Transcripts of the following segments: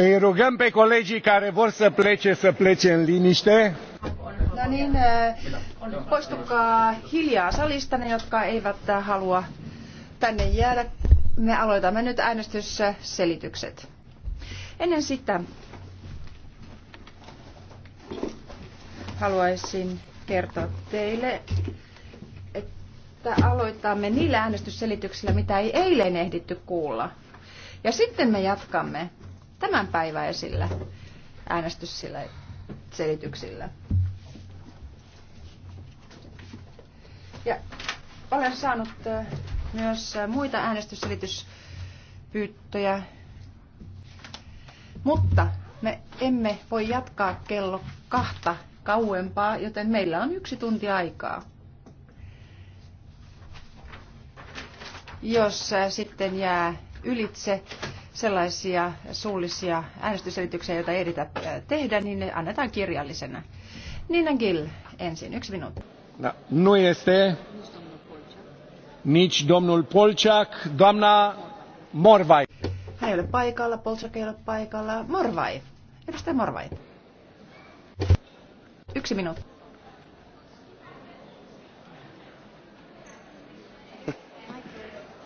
Îi rugăm pe colegii care vor să plece să plece în liniște. No niin, eh, poistukaa hiljaa salista ne, jotka eivät halua tänne jäädä. Me aloitamme nyt äänestyssä selitykset. Ennen sitä haluaisin kertoa teille, että aloitamme niillä äänestysselityksillä, mitä ei eilen ehditty kuulla. Ja sitten me jatkamme tämän päiväisillä äänestyssillä selityksillä. Ja olen saanut myös muita äänestysselityspyyntöjä, mutta me emme voi jatkaa kello kahta kauempaa, joten meillä on yksi tunti aikaa. Jos sitten jää ylitse sellaisia suullisia äänestyselityksiä, joita ei edetä äh, tehdä, niin ne annetaan kirjallisena. Nina Gill ensin, yksi minuutti. No, nu este nici domnul Polciak, doamna Morvai. Hän ei ole paikalla, Polciak ei ole paikalla. Morvai, edustaja Morvai. Yksi minuutti.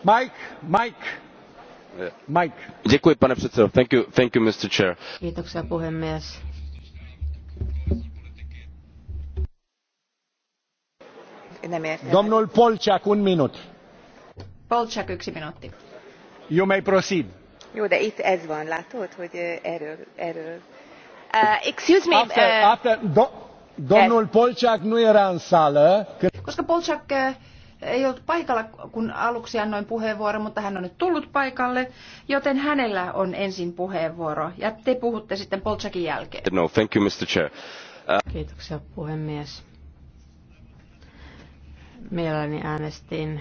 Mike, Mike. Mike. Děkuji, pane předsedo. Thank you, thank you, Mr. Chair. Kiitoksia puhemies. Domnul Polčák, un minut. Polčák, yksi minuutti. You may proceed. Jó, de itt ez van, látod, hogy eh, erről, erről. Uh, excuse me. After, uh, after, do, domnul yes. Polčák nu era în sală. Koska Polčák uh, ei ollut paikalla, kun aluksi annoin puheenvuoron, mutta hän on nyt tullut paikalle, joten hänellä on ensin puheenvuoro. Ja te puhutte sitten Polchakin jälkeen. No, thank you, Mr. Chair. Uh... Kiitoksia puhemies. Mielelläni äänestin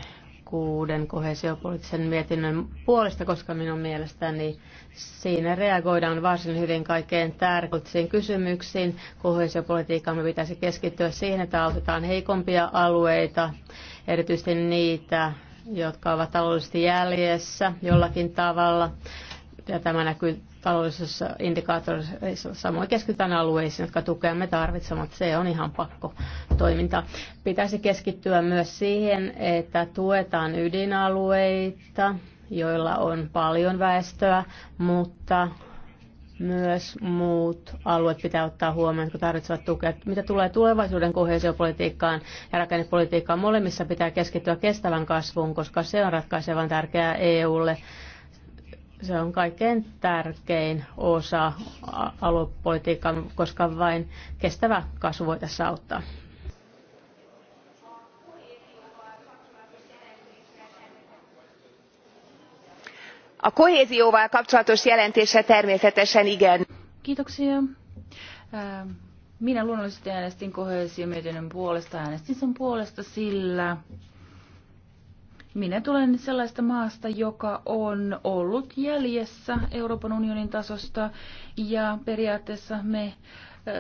kuuden kohesiopoliittisen mietinnön puolesta, koska minun mielestäni siinä reagoidaan varsin hyvin kaikkein tärkeisiin kysymyksiin. Kohesiopolitiikkaan me pitäisi keskittyä siihen, että autetaan heikompia alueita, erityisesti niitä, jotka ovat taloudellisesti jäljessä jollakin tavalla. Ja tämä näkyy taloudellisissa indikaattoreissa. Samoin keskitytään alueisiin, jotka tukea me tarvitsemat. Se on ihan pakko toiminta. Pitäisi keskittyä myös siihen, että tuetaan ydinalueita, joilla on paljon väestöä, mutta myös muut alueet pitää ottaa huomioon, jotka tarvitsevat tukea. Mitä tulee tulevaisuuden kohesiopolitiikkaan ja rakennepolitiikkaan, molemmissa pitää keskittyä kestävän kasvuun, koska se on ratkaisevan tärkeää EUlle se on kaikkein tärkein osa aluepolitiikan, koska vain kestävä kasvu voi tässä auttaa. A kohézióval kapcsolatos jelentése természetesen igen. Kiitoksia. Ähm, minä luonnollisesti äänestin kohesiomietinnön puolesta. Äänestin sen puolesta sillä minä tulen sellaista maasta, joka on ollut jäljessä Euroopan unionin tasosta ja periaatteessa me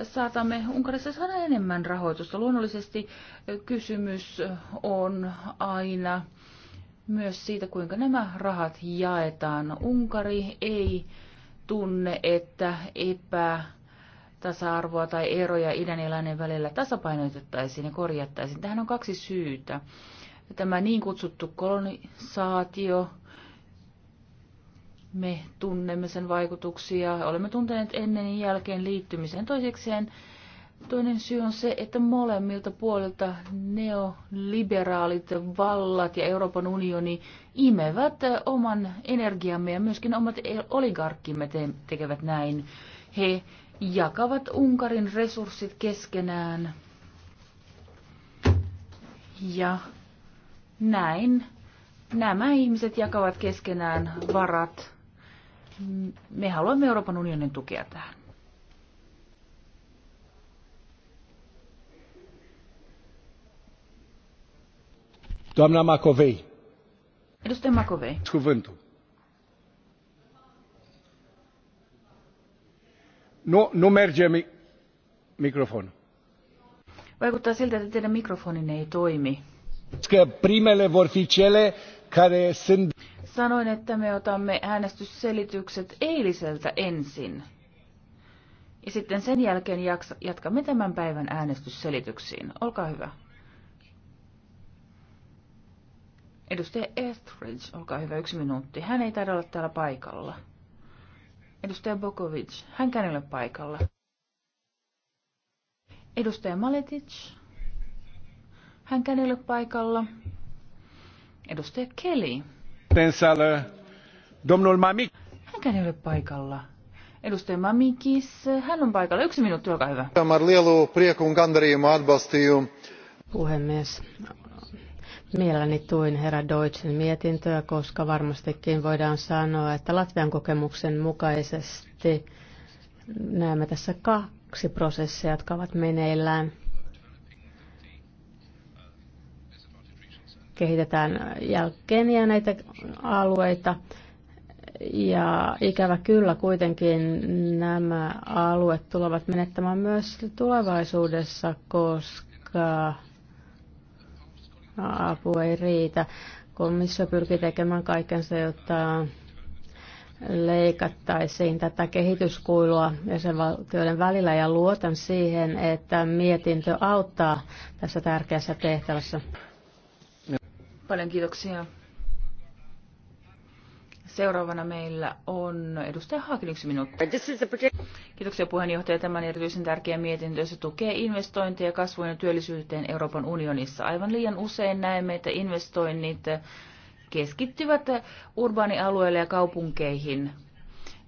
saatamme Unkarissa saada enemmän rahoitusta. Luonnollisesti kysymys on aina myös siitä, kuinka nämä rahat jaetaan. Unkari ei tunne, että epä tasa-arvoa tai eroja idän ja välillä tasapainotettaisiin ja korjattaisiin. Tähän on kaksi syytä tämä niin kutsuttu kolonisaatio, me tunnemme sen vaikutuksia, olemme tunteneet ennen ja jälkeen liittymiseen. Toisekseen toinen syy on se, että molemmilta puolilta neoliberaalit vallat ja Euroopan unioni imevät oman energiamme ja myöskin omat oligarkkimme te- tekevät näin. He jakavat Unkarin resurssit keskenään ja näin nämä ihmiset jakavat keskenään varat. Me haluamme Euroopan unionin tukea tähän. Doamna Makovei. Edustaja Makovei. Cuvântul. Nu, nu merge mi- mikrofon. Vaikuttaa siltä, että teidän mikrofoninne ei toimi. Sanoin, että me otamme äänestysselitykset eiliseltä ensin. Ja sitten sen jälkeen jatkamme tämän päivän äänestysselityksiin. Olkaa hyvä. Edustaja Etheridge, olkaa hyvä, yksi minuutti. Hän ei taida olla täällä paikalla. Edustaja Bokovic, hänkään ei ole paikalla. Edustaja Maletic. Hän ei ole paikalla. Edustaja Kelly. Domnul Mami. Hän ei ole paikalla. Edustaja Mamikis, hän on paikalla. Yksi minuutti, olkaa hyvä. Puhemies, Mielelläni tuin herra Deutschen mietintöä, koska varmastikin voidaan sanoa, että Latvian kokemuksen mukaisesti näemme tässä kaksi prosessia, jotka ovat meneillään. kehitetään jälkeen näitä alueita. Ja ikävä kyllä kuitenkin nämä alueet tulevat menettämään myös tulevaisuudessa, koska apu ei riitä. Komissio pyrkii tekemään kaikensa, jotta leikattaisiin tätä kehityskuilua jäsenvaltioiden välillä ja luotan siihen, että mietintö auttaa tässä tärkeässä tehtävässä. Paljon kiitoksia. Seuraavana meillä on edustaja Haakin yksi minuutti. Kiitoksia puheenjohtaja. Tämän erityisen tärkeä mietintö se tukee investointeja kasvuun ja työllisyyteen Euroopan unionissa. Aivan liian usein näemme, että investoinnit keskittyvät urbaanialueille ja kaupunkeihin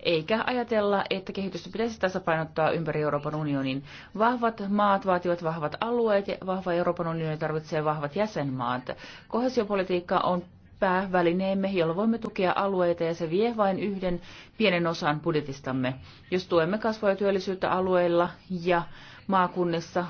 eikä ajatella, että kehitystä pitäisi tasapainottaa ympäri Euroopan unionin. Vahvat maat vaativat vahvat alueet ja vahva Euroopan unioni tarvitsee vahvat jäsenmaat. Kohesiopolitiikka on päävälineemme, jolla voimme tukea alueita ja se vie vain yhden pienen osan budjetistamme. Jos tuemme kasvua ja työllisyyttä alueilla ja maakunnissa,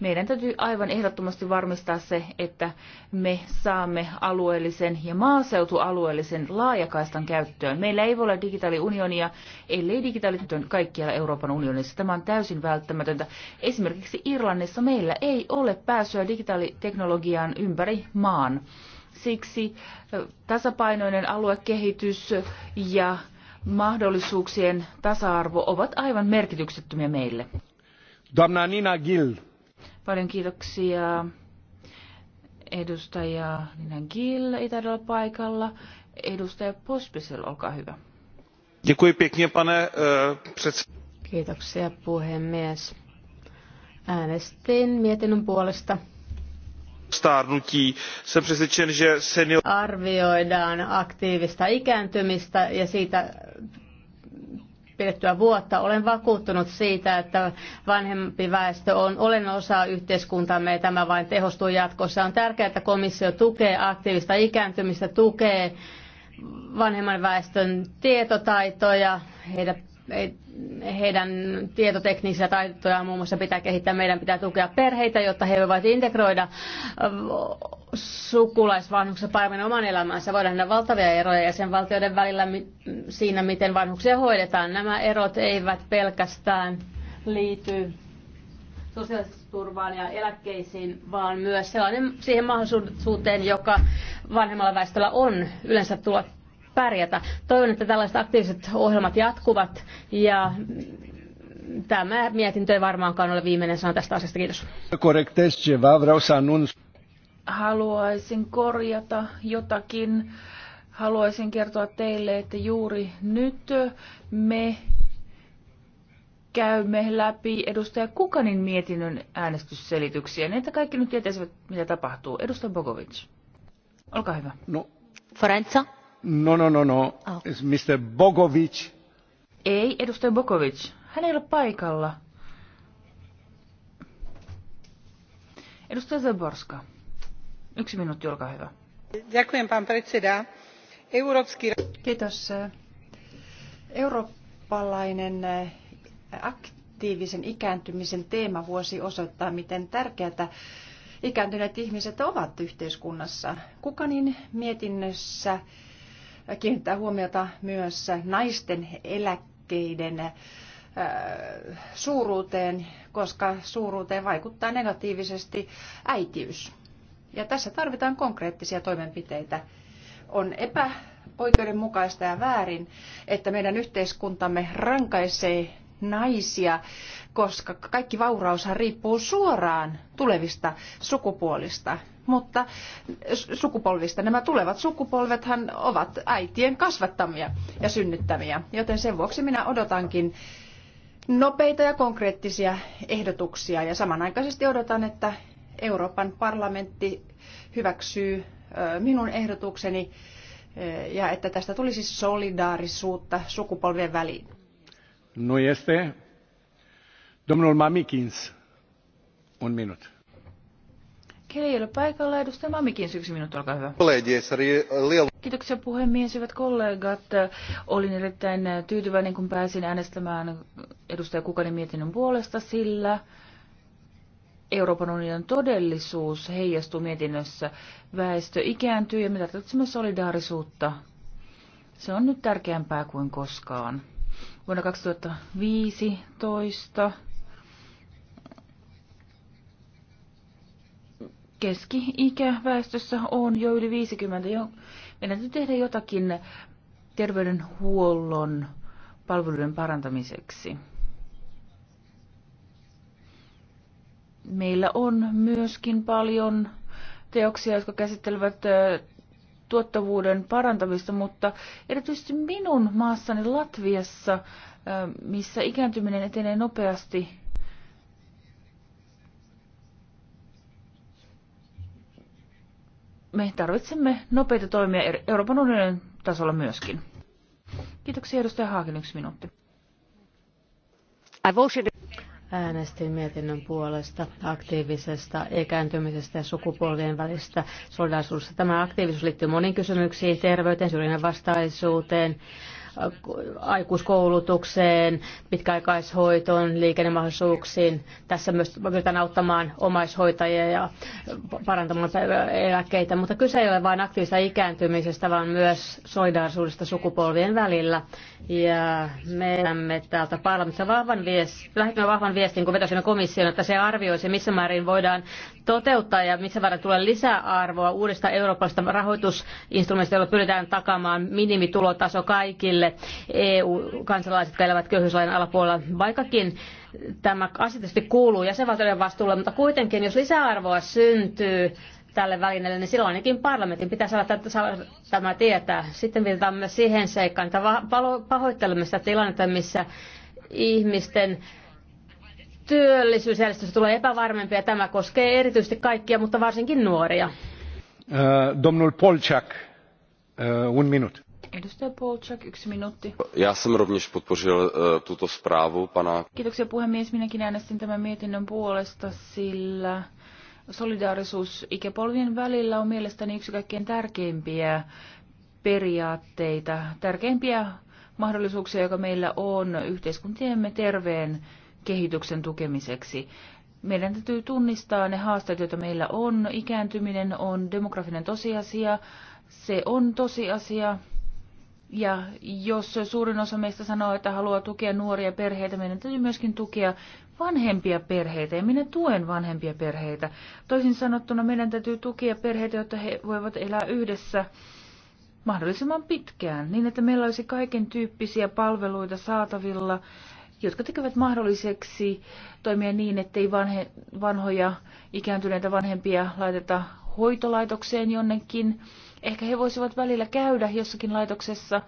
meidän täytyy aivan ehdottomasti varmistaa se, että me saamme alueellisen ja maaseutualueellisen laajakaistan käyttöön. Meillä ei voi olla digitaaliunionia, ellei digitaalityön kaikkialla Euroopan unionissa. Tämä on täysin välttämätöntä. Esimerkiksi Irlannissa meillä ei ole pääsyä digitaaliteknologiaan ympäri maan. Siksi tasapainoinen aluekehitys ja mahdollisuuksien tasa-arvo ovat aivan merkityksettömiä meille. Damna Nina Gill Paljon kiitoksia edustaja Nina Gill Itädellä paikalla. Edustaja Pospisel, olkaa hyvä. Eh, kiitoksia puhemies. Äänestin mietinnön puolesta stárnutí. Jsem přesvědčen, že senior... Arvioidaan aktiivista ikääntymistä ja siitä pidettyä vuotta. Olen vakuuttunut siitä, että vanhempi väestö on olen osa yhteiskuntamme ja tämä vain tehostuu jatkossa. On tärkeää, että komissio tukee aktiivista ikääntymistä, tukee vanhemman väestön tietotaitoja, heidän heidän tietoteknisiä taitoja muun muassa pitää kehittää. Meidän pitää tukea perheitä, jotta he voivat integroida äh, sukulaisvanhukset paremmin oman elämänsä. Voidaan nähdä valtavia eroja jäsenvaltioiden välillä siinä, miten vanhuksia hoidetaan. Nämä erot eivät pelkästään liity sosiaaliturvaan ja eläkkeisiin, vaan myös sellainen siihen mahdollisuuteen, joka vanhemmalla väestöllä on yleensä tulla pärjätä. Toivon, että tällaiset aktiiviset ohjelmat jatkuvat ja tämä mietintö ei varmaankaan ole viimeinen sana tästä asiasta. Kiitos. Haluaisin korjata jotakin. Haluaisin kertoa teille, että juuri nyt me käymme läpi edustaja Kukanin mietinnön äänestysselityksiä, niin että kaikki nyt tietäisivät, mitä tapahtuu. Edustaja Bogovic, olkaa hyvä. No. Forenza. No, no, no, no. Oh. It's Mr. Bogovic. Ei, edustaja Bogovic. Hän ei ole paikalla. Edustaja Zaborska. Yksi minuutti, olkaa hyvä. Ďakujem, pán predseda. Európsky... Kiitos. Eurooppalainen eh, aktiivisen ikääntymisen teemavuosi osoittaa, miten tärkeätä ikääntyneet ihmiset ovat yhteiskunnassa. Kukanin mietinnössä kiinnittää huomiota myös naisten eläkkeiden äh, suuruuteen, koska suuruuteen vaikuttaa negatiivisesti äitiys. Ja tässä tarvitaan konkreettisia toimenpiteitä. On epäoikeudenmukaista ja väärin, että meidän yhteiskuntamme rankaisee naisia, koska kaikki vauraushan riippuu suoraan tulevista sukupuolista mutta sukupolvista. Nämä tulevat sukupolvethan ovat äitien kasvattamia ja synnyttämiä, joten sen vuoksi minä odotankin nopeita ja konkreettisia ehdotuksia ja samanaikaisesti odotan, että Euroopan parlamentti hyväksyy minun ehdotukseni ja että tästä tulisi solidaarisuutta sukupolvien väliin. No este. Domnul Mamikins, un minut Keli ei ole paikalla. Edustaja Mamikin syksy minut, olkaa hyvä. Kiitoksia puhemies, hyvät kollegat. Olin erittäin tyytyväinen, kun pääsin äänestämään edustaja Kukanin mietinnön puolesta, sillä Euroopan unionin todellisuus heijastuu mietinnössä. Väestö ikääntyy ja me tarvitsemme solidaarisuutta. Se on nyt tärkeämpää kuin koskaan. Vuonna 2015 keski-ikä väestössä on jo yli 50. Jo. Meidän täytyy tehdä jotakin terveydenhuollon palveluiden parantamiseksi. Meillä on myöskin paljon teoksia, jotka käsittelevät tuottavuuden parantamista, mutta erityisesti minun maassani Latviassa, missä ikääntyminen etenee nopeasti, me tarvitsemme nopeita toimia er- Euroopan unionin tasolla myöskin. Kiitoksia edustaja Haakin, yksi minuutti. Äänestin mietinnön puolesta aktiivisesta ikääntymisestä ja sukupolvien välistä solidaisuudesta. Tämä aktiivisuus liittyy moniin kysymyksiin, terveyteen, syrjinnän vastaisuuteen, aikuiskoulutukseen, pitkäaikaishoitoon, liikennemahdollisuuksiin. Tässä myös pyritään auttamaan omaishoitajia ja parantamaan eläkkeitä, mutta kyse ei ole vain aktiivista ikääntymisestä, vaan myös solidaarisuudesta sukupolvien välillä. Ja me elämme täältä parlamentissa vahvan viestin, lähetämme vahvan viestin, kun vetäisimme komission, että se arvioisi, missä määrin voidaan toteuttaa ja missä varten tulee lisäarvoa uudesta eurooppalaisesta rahoitusinstrumentista, jolla pyritään takaamaan minimitulotaso kaikille EU-kansalaiset, jotka elävät köyhyyslain alapuolella. Vaikkakin tämä asia tietysti kuuluu jäsenvaltioiden vastuulle, mutta kuitenkin jos lisäarvoa syntyy, tälle välineelle, niin silloin ainakin parlamentin pitää saada tämä tietää. Sitten viitataan myös siihen seikkaan, että pahoittelemme sitä tilannetta, missä ihmisten työllisyysjärjestys tulee epävarmempi ja tämä koskee erityisesti kaikkia, mutta varsinkin nuoria. Äh, domnul Polčak, äh, un minut. Edustaja Polčak, yksi minuutti. Já jsem rovněž podpořil äh, tuto zprávu pana... Kiitoksia puhemies. Minäkin äänestin tämän mietinnön puolesta, sillä solidaarisuus ikäpolvien välillä on mielestäni yksi kaikkein tärkeimpiä periaatteita, tärkeimpiä mahdollisuuksia, joka meillä on yhteiskuntiemme terveen kehityksen tukemiseksi. Meidän täytyy tunnistaa ne haasteet, joita meillä on. Ikääntyminen on demografinen tosiasia. Se on tosiasia. Ja jos suurin osa meistä sanoo, että haluaa tukea nuoria perheitä, meidän täytyy myöskin tukea vanhempia perheitä. Ja minä tuen vanhempia perheitä. Toisin sanottuna meidän täytyy tukea perheitä, jotta he voivat elää yhdessä mahdollisimman pitkään, niin että meillä olisi kaiken tyyppisiä palveluita saatavilla jotka tekevät mahdolliseksi toimia niin, ettei vanhe, vanhoja ikääntyneitä vanhempia laiteta hoitolaitokseen jonnekin. Ehkä he voisivat välillä käydä jossakin laitoksessa,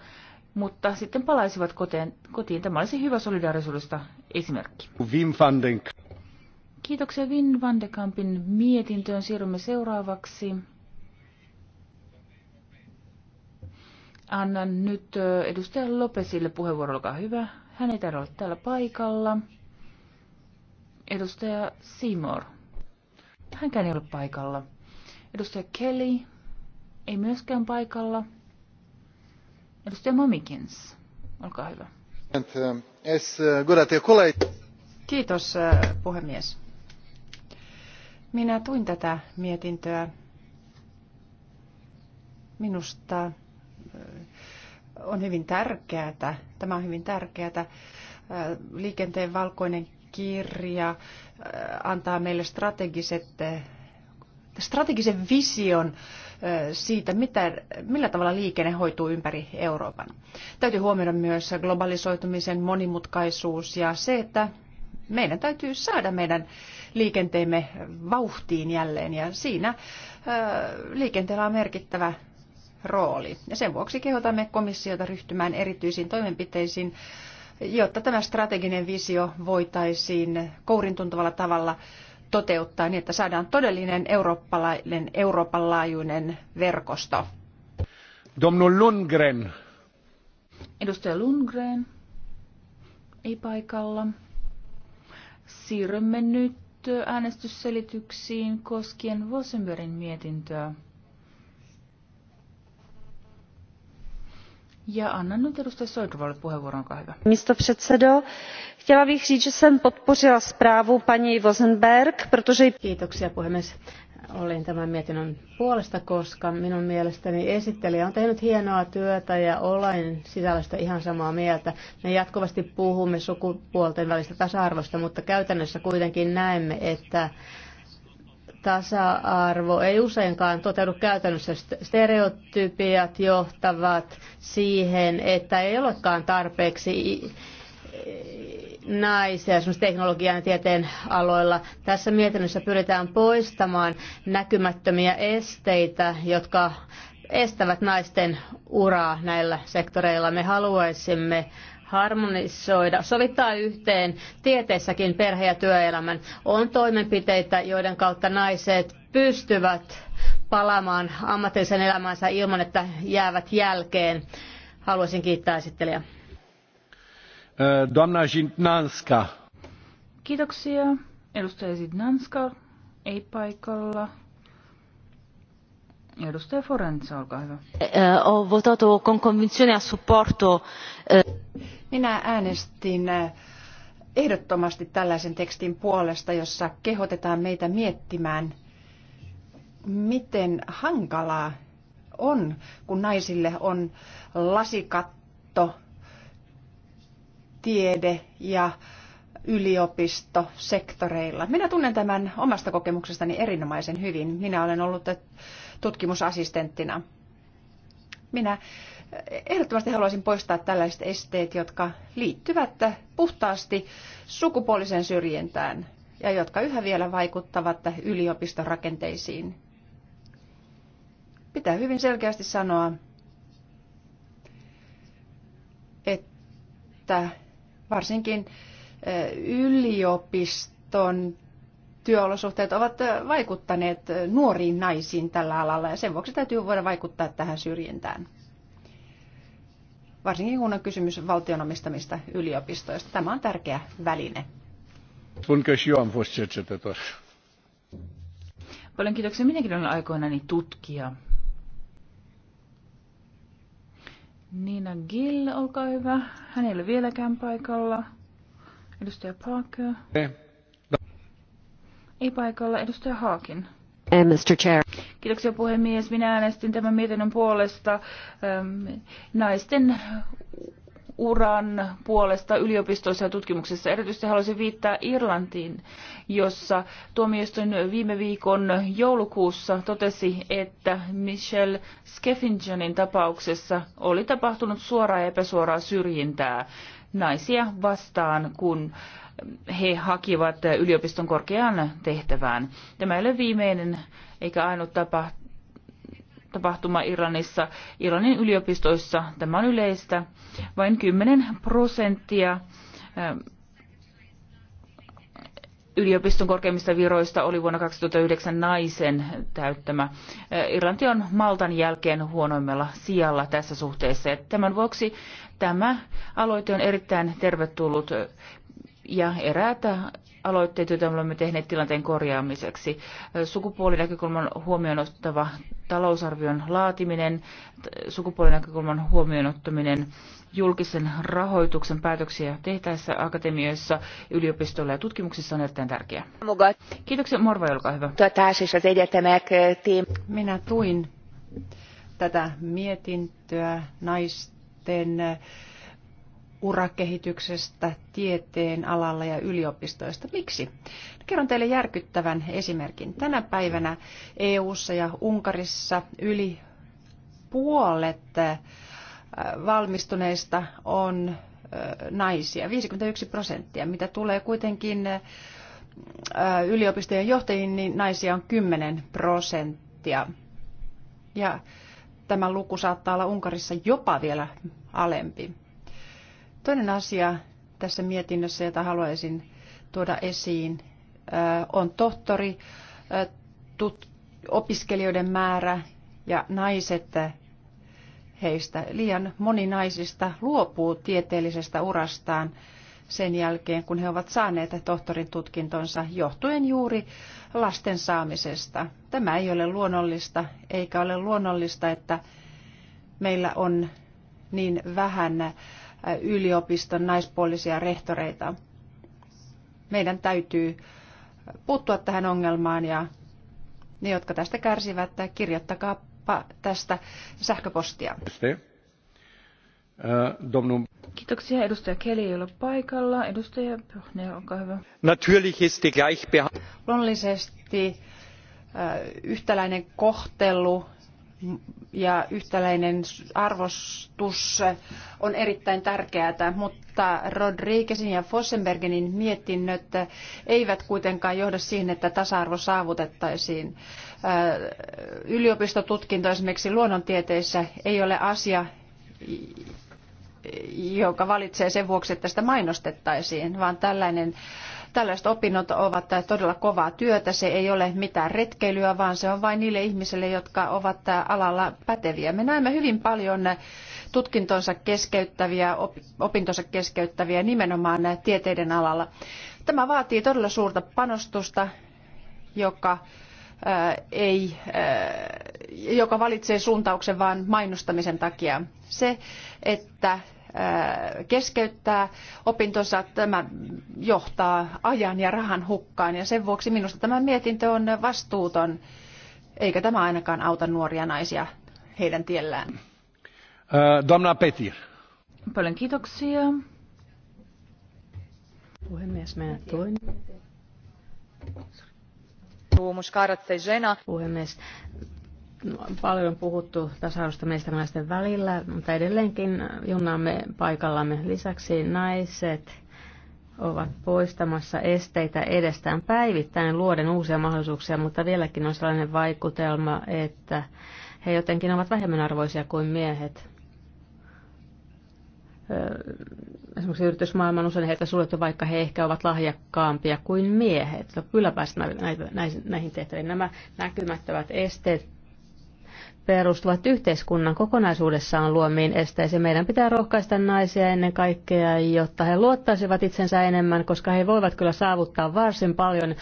mutta sitten palaisivat koteen, kotiin. Tämä olisi hyvä solidaarisuudesta esimerkki. Wim van den... Kiitoksia Wim van de Kampin mietintöön. Siirrymme seuraavaksi. annan nyt edustaja Lopesille puheenvuoron, olkaa hyvä. Hän ei tarvitse olla täällä paikalla. Edustaja Seymour. Hänkään ei ole paikalla. Edustaja Kelly ei myöskään paikalla. Edustaja Mamikins, olkaa hyvä. Kiitos puhemies. Minä tuin tätä mietintöä. Minusta on hyvin tärkeää, tämä on hyvin tärkeää. Liikenteen valkoinen kirja antaa meille strategiset, strategisen vision siitä, mitä, millä tavalla liikenne hoituu ympäri Euroopan. Täytyy huomioida myös globalisoitumisen monimutkaisuus ja se, että meidän täytyy saada meidän liikenteemme vauhtiin jälleen ja siinä liikenteellä on merkittävä rooli. Ja sen vuoksi kehotamme komissiota ryhtymään erityisiin toimenpiteisiin, jotta tämä strateginen visio voitaisiin kourin tuntuvalla tavalla toteuttaa niin, että saadaan todellinen eurooppalainen, Euroopan laajuinen verkosto. Domnul Lundgren. Edustaja Lundgren ei paikalla. Siirrymme nyt äänestysselityksiin koskien Vosenbergin mietintöä. Ja annan nyt edustaja Soidrovalle puheenvuoron, olkaa hyvä. Mr. Předsedo, chtěla bych říct, že jsem podpořila zprávu paní Vosenberg, protože... Kiitoksia puhemies. Olin tämän mietinnön puolesta, koska minun mielestäni esittelijä on tehnyt hienoa työtä ja olen sisällöstä ihan samaa mieltä. Me jatkuvasti puhumme sukupuolten välistä tasa-arvosta, mutta käytännössä kuitenkin näemme, että tasa-arvo ei useinkaan toteudu käytännössä. Stereotypiat johtavat siihen, että ei olekaan tarpeeksi naisia esimerkiksi teknologian ja tieteen aloilla. Tässä mietinnössä pyritään poistamaan näkymättömiä esteitä, jotka estävät naisten uraa näillä sektoreilla. Me haluaisimme harmonisoida, sovittaa yhteen tieteessäkin perhe- ja työelämän. On toimenpiteitä, joiden kautta naiset pystyvät palaamaan ammatillisen elämänsä ilman, että jäävät jälkeen. Haluaisin kiittää esittelijä. Donna Zidnanska. Kiitoksia. Edustaja Zidnanska ei paikalla. Edustaja Forenza, olkaa hyvä. Ho votato con convinzione e a supporto minä äänestin äh, ehdottomasti tällaisen tekstin puolesta, jossa kehotetaan meitä miettimään, miten hankalaa on, kun naisille on lasikatto, tiede ja yliopistosektoreilla. Minä tunnen tämän omasta kokemuksestani erinomaisen hyvin. Minä olen ollut tutkimusassistenttina. Minä ehdottomasti haluaisin poistaa tällaiset esteet, jotka liittyvät puhtaasti sukupuoliseen syrjintään ja jotka yhä vielä vaikuttavat yliopistorakenteisiin. Pitää hyvin selkeästi sanoa, että varsinkin eh, yliopiston työolosuhteet ovat eh, vaikuttaneet eh, nuoriin naisiin tällä alalla ja sen vuoksi täytyy voida vaikuttaa tähän syrjintään varsinkin kun on kysymys valtionomistamista yliopistoista. Tämä on tärkeä väline. Paljon kiitoksia. Minäkin olen aikoinani tutkija. Nina Gill, olkaa hyvä. Hän ei ole vieläkään paikalla. Edustaja Parker. Eh, no. Ei paikalla. Edustaja Haakin. Eh, Mr. Chair. Kiitoksia puhemies. Minä äänestin tämän mietinnön puolesta ähm, naisten uran puolesta yliopistoissa ja tutkimuksessa. Erityisesti haluaisin viittaa Irlantiin, jossa tuomioistuin viime viikon joulukuussa totesi, että Michelle Skeffingenin tapauksessa oli tapahtunut suoraa ja epäsuoraa syrjintää naisia vastaan, kun he hakivat yliopiston korkeaan tehtävään. Tämä ei ole viimeinen eikä ainut tapa, tapahtuma Iranissa. Iranin yliopistoissa tämä on yleistä. Vain 10 prosenttia ähm, yliopiston korkeimmista viroista oli vuonna 2009 naisen täyttämä. Äh, Irlanti on Maltan jälkeen huonoimmalla sijalla tässä suhteessa. tämän vuoksi tämä aloite on erittäin tervetullut ja eräitä aloitteita, joita olemme tehneet tilanteen korjaamiseksi. Sukupuolinäkökulman huomioon ottava talousarvion laatiminen, sukupuolinäkökulman huomioon ottaminen julkisen rahoituksen päätöksiä tehtäessä akatemioissa, yliopistoilla ja tutkimuksissa on erittäin tärkeää. Kiitoksia. Morva, olkaa hyvä. Siis Minä tuin tätä mietintöä naisten urakehityksestä, tieteen alalla ja yliopistoista. Miksi? Kerron teille järkyttävän esimerkin. Tänä päivänä EU:ssa ja Unkarissa yli puolet äh, valmistuneista on äh, naisia, 51 prosenttia. Mitä tulee kuitenkin äh, yliopistojen johtajiin, niin naisia on 10 prosenttia. Ja tämä luku saattaa olla Unkarissa jopa vielä alempi. Toinen asia tässä mietinnössä, jota haluaisin tuoda esiin, on tohtori, tut, opiskelijoiden määrä ja naiset heistä. Liian moni naisista luopuu tieteellisestä urastaan sen jälkeen, kun he ovat saaneet tohtorin tutkintonsa johtuen juuri lasten saamisesta. Tämä ei ole luonnollista, eikä ole luonnollista, että meillä on niin vähän yliopiston naispuolisia rehtoreita. Meidän täytyy puuttua tähän ongelmaan ja ne, jotka tästä kärsivät, kirjoittakaa tästä sähköpostia. Eh, Kiitoksia. Edustaja Kelly ei ole paikalla. Edustaja Pyhne, olkaa hyvä. Natürlich Luonnollisesti eh, yhtäläinen kohtelu ja yhtäläinen arvostus on erittäin tärkeää, mutta Rodriguezin ja Fossenbergenin mietinnöt eivät kuitenkaan johda siihen, että tasa-arvo saavutettaisiin. Yliopistotutkinto esimerkiksi luonnontieteissä ei ole asia, joka valitsee sen vuoksi, että sitä mainostettaisiin, vaan tällainen Tällaiset opinnot ovat todella kovaa työtä. Se ei ole mitään retkeilyä, vaan se on vain niille ihmisille, jotka ovat alalla päteviä. Me näemme hyvin paljon tutkintonsa keskeyttäviä, opintonsa keskeyttäviä nimenomaan tieteiden alalla. Tämä vaatii todella suurta panostusta, joka ei, joka valitsee suuntauksen vain mainostamisen takia. Se, että keskeyttää opintonsa, tämä johtaa ajan ja rahan hukkaan ja sen vuoksi minusta tämä mietintö on vastuuton, eikä tämä ainakaan auta nuoria naisia heidän tiellään. Domna Petir. Paljon kiitoksia. Puhemies, meidän toinen. Puhemies, paljon puhuttu tasa-arvosta meistä naisten välillä, mutta edelleenkin junnaamme paikallamme. Lisäksi naiset ovat poistamassa esteitä edestään päivittäin luoden uusia mahdollisuuksia, mutta vieläkin on sellainen vaikutelma, että he jotenkin ovat vähemmän arvoisia kuin miehet. Esimerkiksi yritysmaailman usein heitä suljettu, vaikka he ehkä ovat lahjakkaampia kuin miehet. Kyllä pääsevät näihin tehtäviin. Nämä näkymättävät esteet perustuvat yhteiskunnan kokonaisuudessaan luomiin esteisiin. Meidän pitää rohkaista naisia ennen kaikkea, jotta he luottaisivat itsensä enemmän, koska he voivat kyllä saavuttaa varsin paljon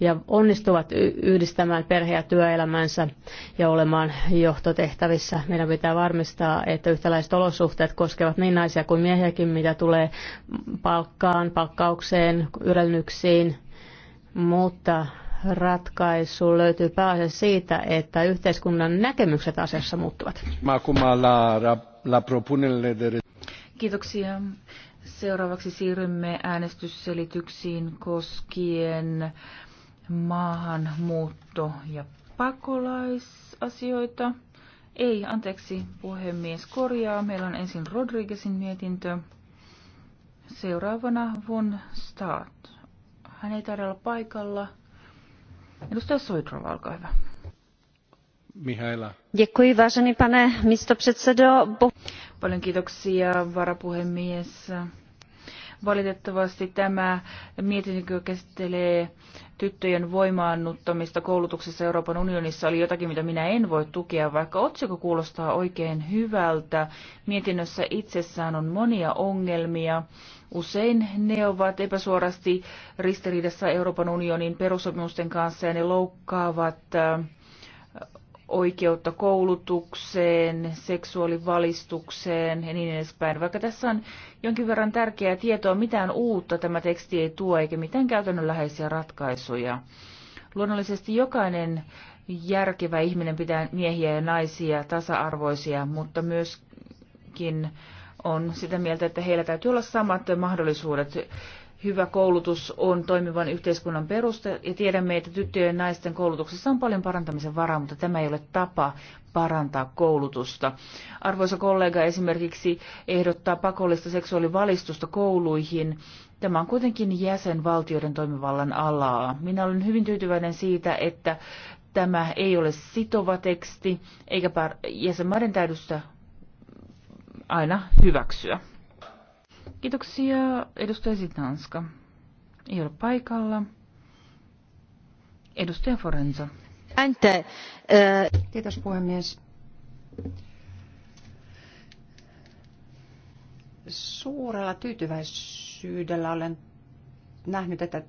ja onnistuvat yhdistämään perhe- ja työelämänsä ja olemaan johtotehtävissä. Meidän pitää varmistaa, että yhtäläiset olosuhteet koskevat niin naisia kuin miehiäkin, mitä tulee palkkaan, palkkaukseen, yrännyksiin, mutta ratkaisu löytyy pääasiassa siitä, että yhteiskunnan näkemykset asiassa muuttuvat. Kiitoksia. Seuraavaksi siirrymme äänestysselityksiin koskien maahanmuutto- ja pakolaisasioita. Ei, anteeksi, puhemies korjaa. Meillä on ensin Rodriguezin mietintö. Seuraavana von Staat. Hän ei taida olla paikalla. Edustaja Soitrova, olkaa hyvä. Mihaila. Děkuji, vážený pane místopředsedo. Paljon kiitoksia, varapuhemies. Valitettavasti tämä mietintö käsittelee tyttöjen voimaannuttamista koulutuksessa Euroopan unionissa oli jotakin, mitä minä en voi tukea, vaikka otsikko kuulostaa oikein hyvältä. Mietinnössä itsessään on monia ongelmia. Usein ne ovat epäsuorasti ristiriidassa Euroopan unionin perusopimusten kanssa ja ne loukkaavat äh, oikeutta koulutukseen, seksuaalivalistukseen ja niin edespäin. Vaikka tässä on jonkin verran tärkeää tietoa, mitään uutta tämä teksti ei tuo eikä mitään käytännönläheisiä ratkaisuja. Luonnollisesti jokainen järkevä ihminen pitää miehiä ja naisia tasa-arvoisia, mutta myöskin on sitä mieltä, että heillä täytyy olla samat mahdollisuudet hyvä koulutus on toimivan yhteiskunnan perusta ja tiedämme, että tyttöjen ja naisten koulutuksessa on paljon parantamisen varaa, mutta tämä ei ole tapa parantaa koulutusta. Arvoisa kollega esimerkiksi ehdottaa pakollista seksuaalivalistusta kouluihin. Tämä on kuitenkin jäsenvaltioiden toimivallan alaa. Minä olen hyvin tyytyväinen siitä, että tämä ei ole sitova teksti, eikä jäsenmaiden täydystä aina hyväksyä. Kiitoksia. Edustaja Sitanska ei ole paikalla. Edustaja Forenza. Ante, äh... Kiitos puhemies. Suurella tyytyväisyydellä olen nähnyt, että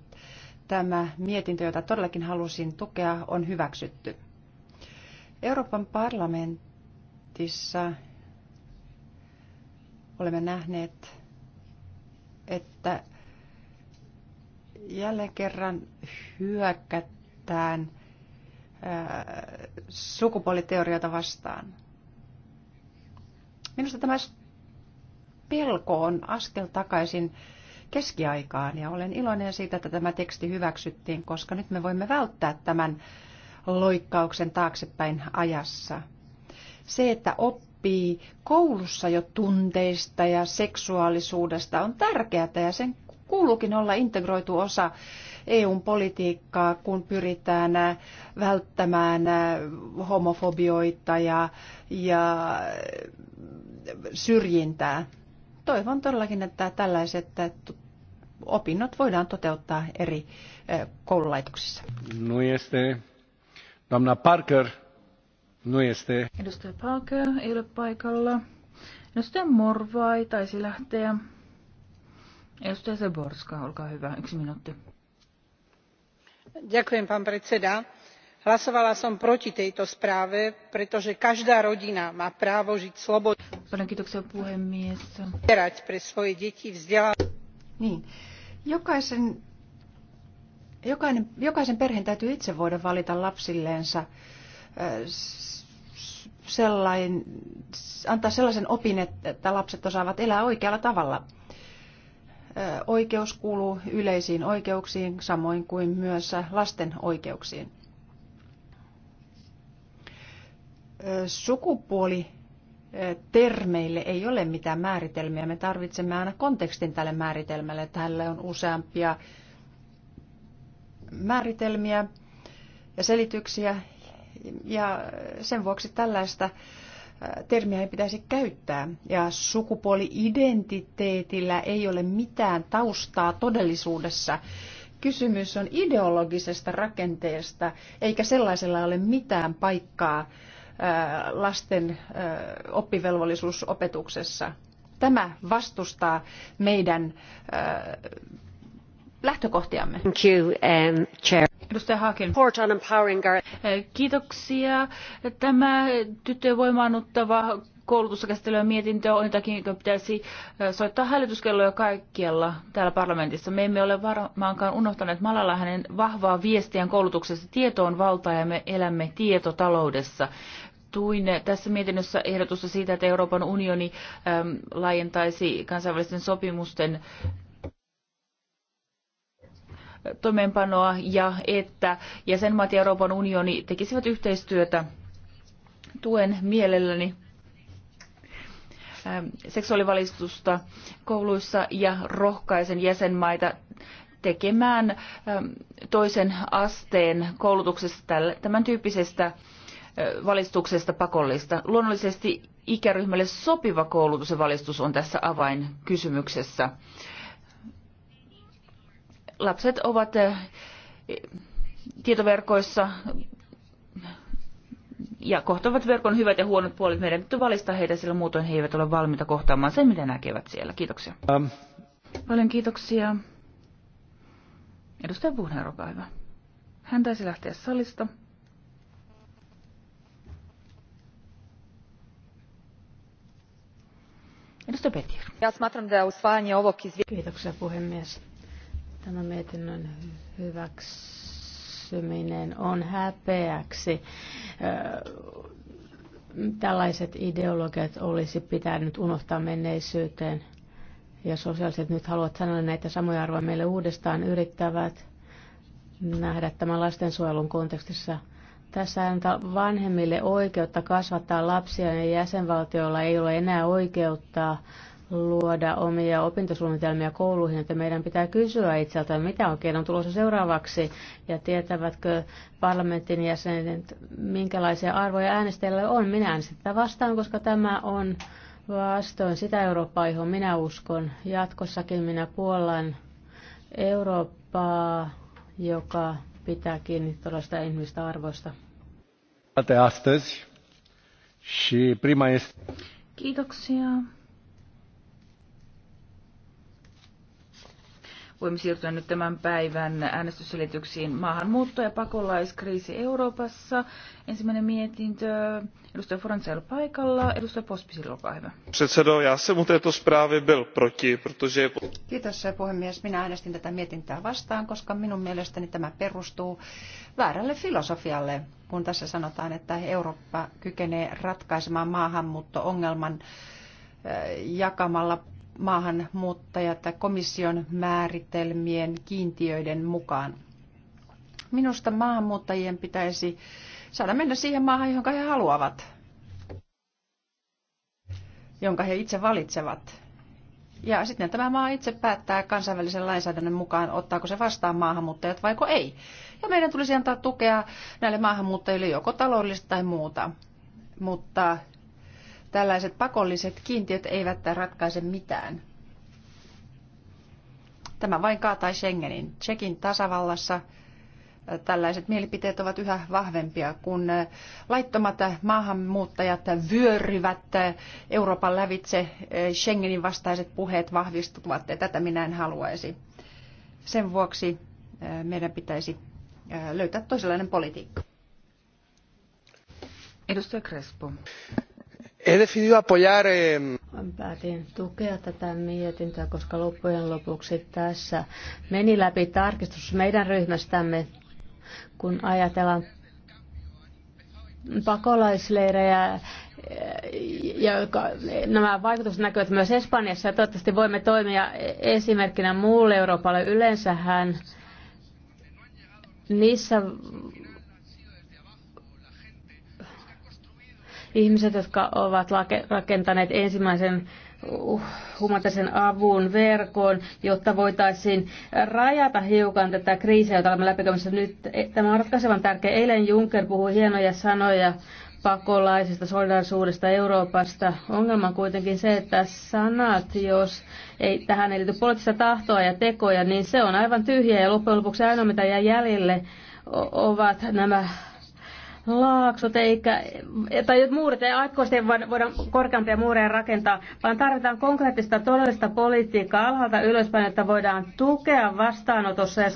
tämä mietintö, jota todellakin halusin tukea, on hyväksytty. Euroopan parlamentissa olemme nähneet että jälleen kerran hyökkätään sukupuoliteorioita vastaan. Minusta tämä pelko on askel takaisin keskiaikaan ja olen iloinen siitä, että tämä teksti hyväksyttiin, koska nyt me voimme välttää tämän loikkauksen taaksepäin ajassa. Se, että op oppii koulussa jo tunteista ja seksuaalisuudesta on tärkeää ja sen kuuluukin olla integroitu osa EUn politiikkaa, kun pyritään äh, välttämään äh, homofobioita ja, ja äh, syrjintää. Toivon todellakin, että tällaiset opinnot voidaan toteuttaa eri koululaitoksissa. No este, Parker Nu este. Edustaja Palkö ei ole paikalla. Edustaja Morvai taisi lähteä. Edustaja Seborska, olkaa hyvä. Yksi minuutti. Ďakujem, pán predseda. Hlasovala som proti tejto správe, pretože každá rodina má právo žiť slobodne. Pane, kiitoksia puhemies. pre svoje deti vzdelá... Niin. Jokaisen, jokainen, jokaisen perheen täytyy itse voida valita lapsilleensa sellain, antaa sellaisen opin, että lapset osaavat elää oikealla tavalla. Oikeus kuuluu yleisiin oikeuksiin, samoin kuin myös lasten oikeuksiin. Sukupuoli termeille ei ole mitään määritelmiä. Me tarvitsemme aina kontekstin tälle määritelmälle. Tälle on useampia määritelmiä ja selityksiä ja sen vuoksi tällaista äh, termiä ei pitäisi käyttää. Ja sukupuoli-identiteetillä ei ole mitään taustaa todellisuudessa. Kysymys on ideologisesta rakenteesta, eikä sellaisella ole mitään paikkaa äh, lasten äh, oppivelvollisuusopetuksessa. Tämä vastustaa meidän lähtökohtiamme. Thank you, um, chair. Eh, kiitoksia. Tämä tyttöjen voimaannuttava koulutusta käsittelevä mietintö on jotakin, joka pitäisi eh, soittaa hälytyskelloja kaikkialla täällä parlamentissa. Me emme ole varmaankaan unohtaneet Malala hänen vahvaa viestiään koulutuksesta. Tieto on valtaa ja me elämme tietotaloudessa tuin tässä mietinnössä ehdotusta siitä, että Euroopan unioni äm, laajentaisi kansainvälisten sopimusten toimeenpanoa ja että jäsenmaat ja Euroopan unioni tekisivät yhteistyötä. Tuen mielelläni ähm, seksuaalivalistusta kouluissa ja rohkaisen jäsenmaita tekemään ähm, toisen asteen koulutuksesta tämän tyyppisestä äh, valistuksesta pakollista. Luonnollisesti ikäryhmälle sopiva koulutus ja valistus on tässä avainkysymyksessä. kysymyksessä lapset ovat eh, tietoverkoissa ja kohtavat verkon hyvät ja huonot puolet. Meidän pitää valistaa heitä, sillä muutoin he eivät ole valmiita kohtaamaan sen, mitä näkevät siellä. Kiitoksia. Um. Paljon kiitoksia. Edustaja Buhner, olkaa hyvä. Hän taisi lähteä salista. Edustaja Petir. Kiitoksia puhemies tämä mietinnön hyväksyminen on häpeäksi. Tällaiset ideologiat olisi pitänyt unohtaa menneisyyteen. Ja sosiaaliset nyt haluavat sanoa näitä samoja arvoja meille uudestaan, yrittävät nähdä tämän lastensuojelun kontekstissa tässä antaa vanhemmille oikeutta kasvattaa lapsia ja jäsenvaltioilla ei ole enää oikeutta luoda omia opintosuunnitelmia kouluihin, että meidän pitää kysyä itseltään, mitä oikein on tulossa seuraavaksi, ja tietävätkö parlamentin jäsenet, minkälaisia arvoja äänestäjillä on. Minä äänestin vastaan, koska tämä on vastoin sitä Eurooppaa, johon minä uskon. Jatkossakin minä puolan Eurooppaa, joka pitää kiinni tuollaista ihmistä arvoista. Kiitoksia. Voimme siirtyä nyt tämän päivän äänestysselityksiin maahanmuutto- ja pakolaiskriisi Euroopassa. Ensimmäinen mietintö. Edustaja Forenzel paikalla. Edustaja Pospisil, olkaa hyvä. Kiitos puhemies. Minä äänestin tätä mietintää vastaan, koska minun mielestäni tämä perustuu väärälle filosofialle, kun tässä sanotaan, että Eurooppa kykenee ratkaisemaan maahanmuutto-ongelman eh, jakamalla maahanmuuttajat komission määritelmien kiintiöiden mukaan. Minusta maahanmuuttajien pitäisi saada mennä siihen maahan, jonka he haluavat, jonka he itse valitsevat. Ja sitten tämä maa itse päättää kansainvälisen lainsäädännön mukaan, ottaako se vastaan maahanmuuttajat vaiko ei. Ja meidän tulisi antaa tukea näille maahanmuuttajille joko taloudellista tai muuta. Mutta tällaiset pakolliset kiintiöt eivät ratkaise mitään. Tämä vain kaatai Schengenin. Tsekin tasavallassa äh, tällaiset mielipiteet ovat yhä vahvempia, kun äh, laittomat maahanmuuttajat vyöryvät äh, Euroopan lävitse. Schengenin vastaiset puheet vahvistuvat ja tätä minä en haluaisi. Sen vuoksi meidän pitäisi löytää toisenlainen politiikka. Edustaja Crespo he decidido apoyar... Eh, päätin tukea tätä mietintöä, koska loppujen lopuksi tässä meni läpi tarkistus meidän ryhmästämme, kun ajatellaan pakolaisleirejä, eh, ja nämä vaikutukset näkyvät myös Espanjassa ja toivottavasti voimme toimia esimerkkinä muulle Euroopalle. Yleensähän niissä Ihmiset, jotka ovat rakentaneet ensimmäisen uh, humanitaarisen avun verkon, jotta voitaisiin rajata hiukan tätä kriisiä, jota olemme läpikäymässä nyt. E, tämä on ratkaisevan tärkeä. Eilen Juncker puhui hienoja sanoja pakolaisista, solidarisuudesta, Euroopasta. Ongelma on kuitenkin se, että sanat, jos ei, tähän ei liity poliittista tahtoa ja tekoja, niin se on aivan tyhjä ja loppujen lopuksi ainoa, mitä jää jäljelle, ovat nämä laaksot eikä, tai muurit ei aikuisten voida korkeampia muureja rakentaa, vaan tarvitaan konkreettista todellista politiikkaa alhaalta ylöspäin, että voidaan tukea vastaanotossa ja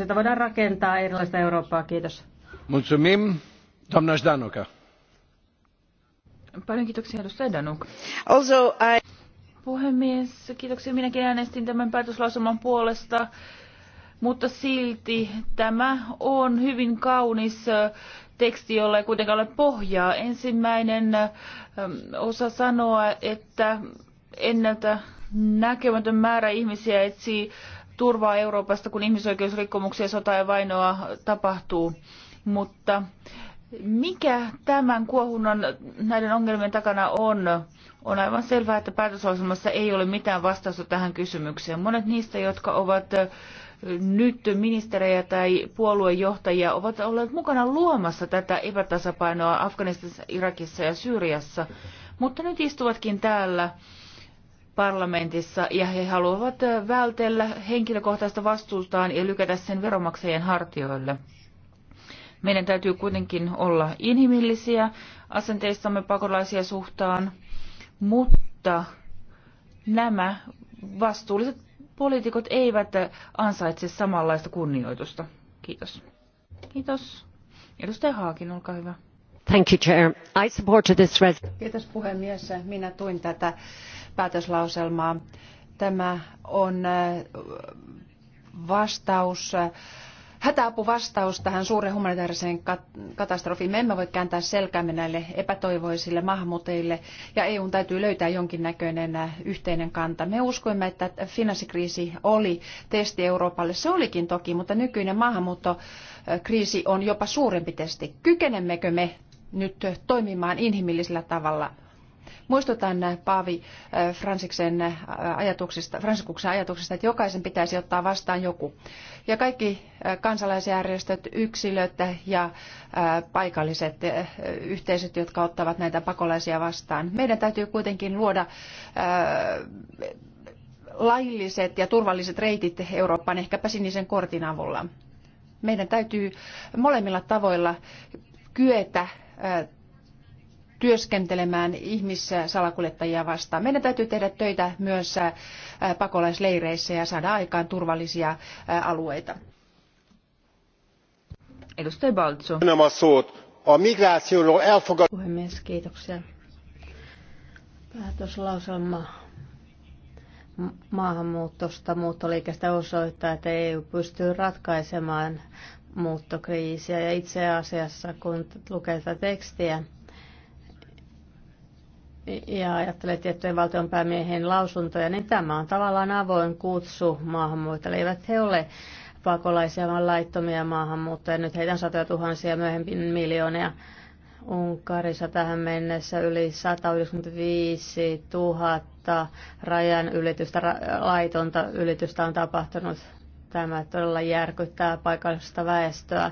että voidaan rakentaa erilaista Eurooppaa. Kiitos. Mutsumim, doamna Ždanoka. Paljon kiitoksia, edustaja Danuk. Also, I... Puhemies, kiitoksia. Minäkin äänestin tämän päätöslausuman puolesta mutta silti tämä on hyvin kaunis teksti, jolla ei kuitenkaan ole pohjaa. Ensimmäinen osa sanoa, että ennältä näkemätön määrä ihmisiä etsii turvaa Euroopasta, kun ihmisoikeusrikkomuksia, sota ja vainoa tapahtuu. Mutta mikä tämän kuohunnan näiden ongelmien takana on? On aivan selvää, että päätösohjelmassa ei ole mitään vastausta tähän kysymykseen. Monet niistä, jotka ovat nyt ministerejä tai puoluejohtajia ovat olleet mukana luomassa tätä epätasapainoa Afganistanissa, Irakissa ja Syyriassa, mutta nyt istuvatkin täällä parlamentissa ja he haluavat vältellä henkilökohtaista vastuustaan ja lykätä sen veromaksajien hartioille. Meidän täytyy kuitenkin olla inhimillisiä asenteistamme pakolaisia suhtaan, mutta nämä vastuulliset poliitikot eivät ansaitse samanlaista kunnioitusta. Kiitos. Kiitos. Edustaja Haakin, olkaa hyvä. Thank you, Chair. I supported this res- Kiitos puhemies. Minä tuin tätä päätöslauselmaa. Tämä on äh, vastaus äh, hätäapuvastaus tähän suuren humanitaariseen katastrofiin. Me emme voi kääntää selkäämme näille epätoivoisille maahanmuuttajille ja EUn täytyy löytää jonkinnäköinen äh, yhteinen kanta. Me uskoimme, että finanssikriisi oli testi Euroopalle. Se olikin toki, mutta nykyinen maahanmuuttokriisi on jopa suurempi testi. Kykenemmekö me nyt toimimaan inhimillisellä tavalla Muistutan äh, Paavi äh, Fransiksen äh, ajatuksista, Fransikuksen ajatuksista, että jokaisen pitäisi ottaa vastaan joku. Ja kaikki kansalaisjärjestöt, yksilöt ja paikalliset yhteisöt, jotka ottavat näitä pakolaisia vastaan. Meidän täytyy kuitenkin luoda lailliset ja turvalliset reitit Eurooppaan, ehkäpä sinisen kortin avulla. Meidän täytyy molemmilla tavoilla kyetä työskentelemään ihmissalakuljettajia vastaan. Meidän täytyy tehdä töitä myös pakolaisleireissä ja saada aikaan turvallisia alueita. Edustaja Baltso. Puhemies, kiitoksia. Päätöslauselma maahanmuutosta muuttoliikestä osoittaa, että EU pystyy ratkaisemaan muuttokriisiä. Ja itse asiassa, kun lukee tätä tekstiä, ja ajattelee tiettyjen valtionpäämiehen lausuntoja, niin tämä on tavallaan avoin kutsu maahanmuuttajille. Eivät he ole pakolaisia, vaan laittomia maahanmuuttajia. Nyt heitä on satoja tuhansia, myöhemmin miljoonia. Unkarissa tähän mennessä yli 195 000 rajan ylitystä, laitonta ylitystä on tapahtunut. Tämä todella järkyttää paikallista väestöä.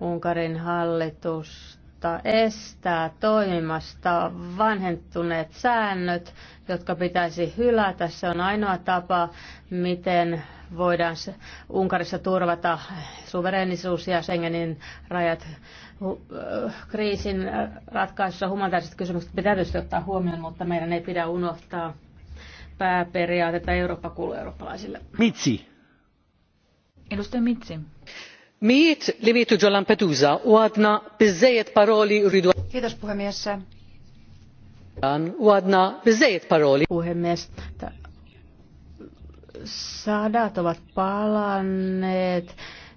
Unkarin hallitus kautta estää toimimasta vanhentuneet säännöt, jotka pitäisi hylätä. Se on ainoa tapa, miten voidaan Unkarissa turvata suvereenisuus ja Schengenin rajat. Äh, kriisin äh, ratkaisussa humanitaariset kysymykset pitää tietysti ottaa huomioon, mutta meidän ei pidä unohtaa pääperiaatetta Eurooppa kuuluu eurooppalaisille. Mitsi. Edustaja Mitsi lampedusa u għadna biżżejjed paroli rridu paroli. sadat ovat palanneet.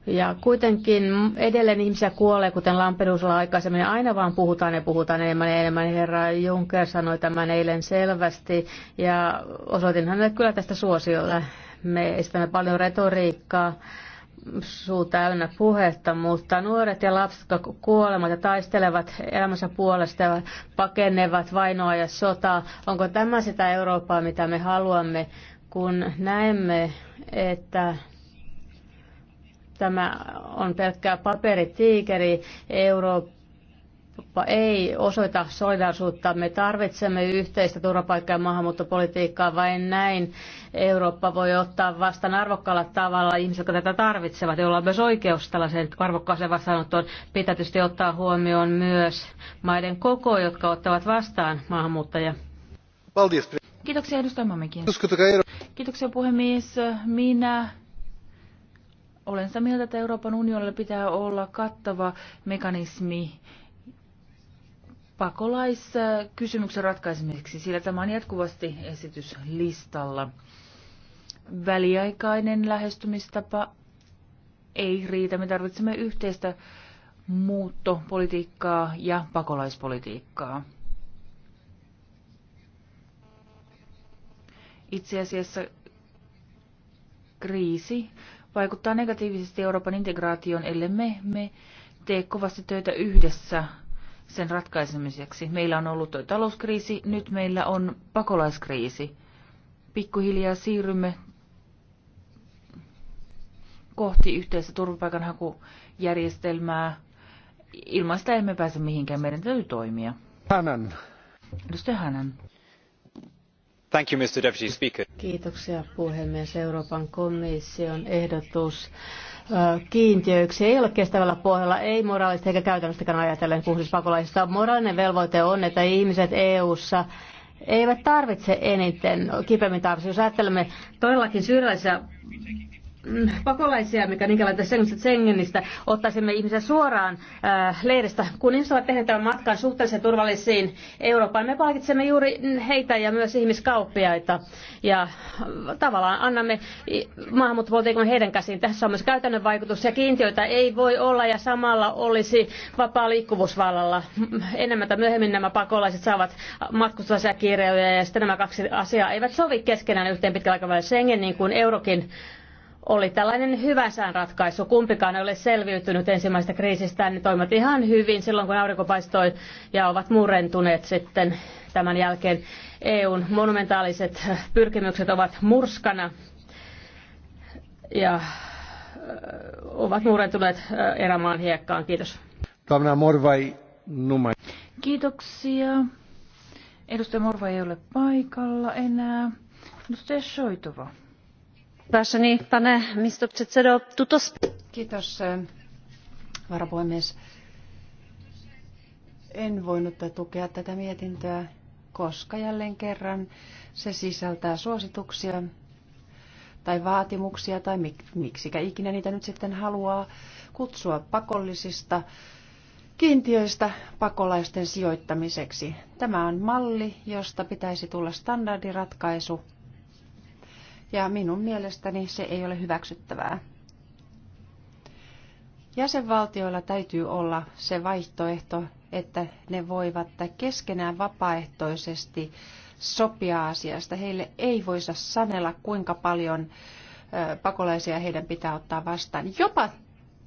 Ja kuitenkin edelleen ihmisiä kuolee, kuten Lampedusalla aikaisemmin, aina vaan puhutaan ja puhutaan enemmän ja enemmän. Herra Juncker sanoi tämän eilen selvästi ja osoitin hänelle kyllä tästä suosiolle, Me esitämme paljon retoriikkaa suu täynnä puhetta, mutta nuoret ja lapset, jotka kuolemat ja taistelevat elämänsä puolesta ja pakenevat vainoa ja sotaa, onko tämä sitä Eurooppaa, mitä me haluamme, kun näemme, että tämä on pelkkää paperitiikeri, Eurooppa ei osoita solidaarisuutta. Me tarvitsemme yhteistä turvapaikka- ja maahanmuuttopolitiikkaa vain näin. Eurooppa voi ottaa vastaan arvokkaalla tavalla ihmiset, jotka tätä tarvitsevat, joilla on myös oikeus tällaiseen arvokkaaseen vastaanottoon. Pitää tietysti ottaa huomioon myös maiden koko, jotka ottavat vastaan maahanmuuttajia. Kiitoksia edustaja Mamikin. Kiitoksia puhemies. Minä olen sitä mieltä, että Euroopan unionilla pitää olla kattava mekanismi pakolaiskysymyksen ratkaisemiseksi, sillä tämä on jatkuvasti esityslistalla. Väliaikainen lähestymistapa ei riitä. Me tarvitsemme yhteistä muuttopolitiikkaa ja pakolaispolitiikkaa. Itse asiassa kriisi vaikuttaa negatiivisesti Euroopan integraation, ellei me, me tee kovasti töitä yhdessä sen ratkaisemiseksi. Meillä on ollut talouskriisi, nyt meillä on pakolaiskriisi. Pikkuhiljaa siirrymme kohti yhteistä turvapaikanhakujärjestelmää. Ilman sitä emme pääse mihinkään, meidän täytyy toimia. Hänen. Edustaja Hänen. Kiitoksia puhemies. Euroopan komission ehdotus kiintiöiksi ei ole kestävällä pohjalla, ei moraalista eikä käytännöstäkään ajatellen puhdistuspakolaisista. Siis Moraalinen velvoite on, että ihmiset EU-ssa eivät tarvitse eniten, kipeämmin tarvitse. Jos ajattelemme todellakin syrjäisiä Mm, pakolaisia, mikä minkälainen Schengenistä, Schengenistä ottaisimme ihmisiä suoraan äh, leiristä. Kun ihmiset ovat tehneet tämän matkan suhteellisen turvallisiin Eurooppaan, me palkitsemme juuri heitä ja myös ihmiskauppiaita. Ja äh, tavallaan annamme maahanmuuttopolitiikan heidän käsiin. Tässä on myös käytännön vaikutus ja kiintiöitä ei voi olla ja samalla olisi vapaa liikkuvuusvallalla. Enemmän tai myöhemmin nämä pakolaiset saavat matkustusasiakirjoja ja sitten nämä kaksi asiaa eivät sovi keskenään yhteen pitkällä aikavälillä Schengen niin kuin eurokin oli tällainen hyvä sään ratkaisu. Kumpikaan ei ole selviytynyt ensimmäisestä kriisistä, niin toimivat ihan hyvin silloin, kun aurinko paistoi ja ovat murentuneet sitten tämän jälkeen. EUn monumentaaliset pyrkimykset ovat murskana ja ovat murentuneet erämaan hiekkaan. Kiitos. Morvai Kiitoksia. Edustaja Morva ei ole paikalla enää. Edustaja Soitova. Vážený pane místopředsedo, tuto... Kiitos, eh, En voinut tukea tätä mietintöä, koska jälleen kerran se sisältää suosituksia tai vaatimuksia tai miksi miksikä ikinä niitä nyt sitten haluaa kutsua pakollisista kiintiöistä pakolaisten sijoittamiseksi. Tämä on malli, josta pitäisi tulla standardiratkaisu ja minun mielestäni se ei ole hyväksyttävää. Jäsenvaltioilla täytyy olla se vaihtoehto, että ne voivat keskenään vapaaehtoisesti sopia asiasta. Heille ei voisa sanella, kuinka paljon pakolaisia heidän pitää ottaa vastaan. Jopa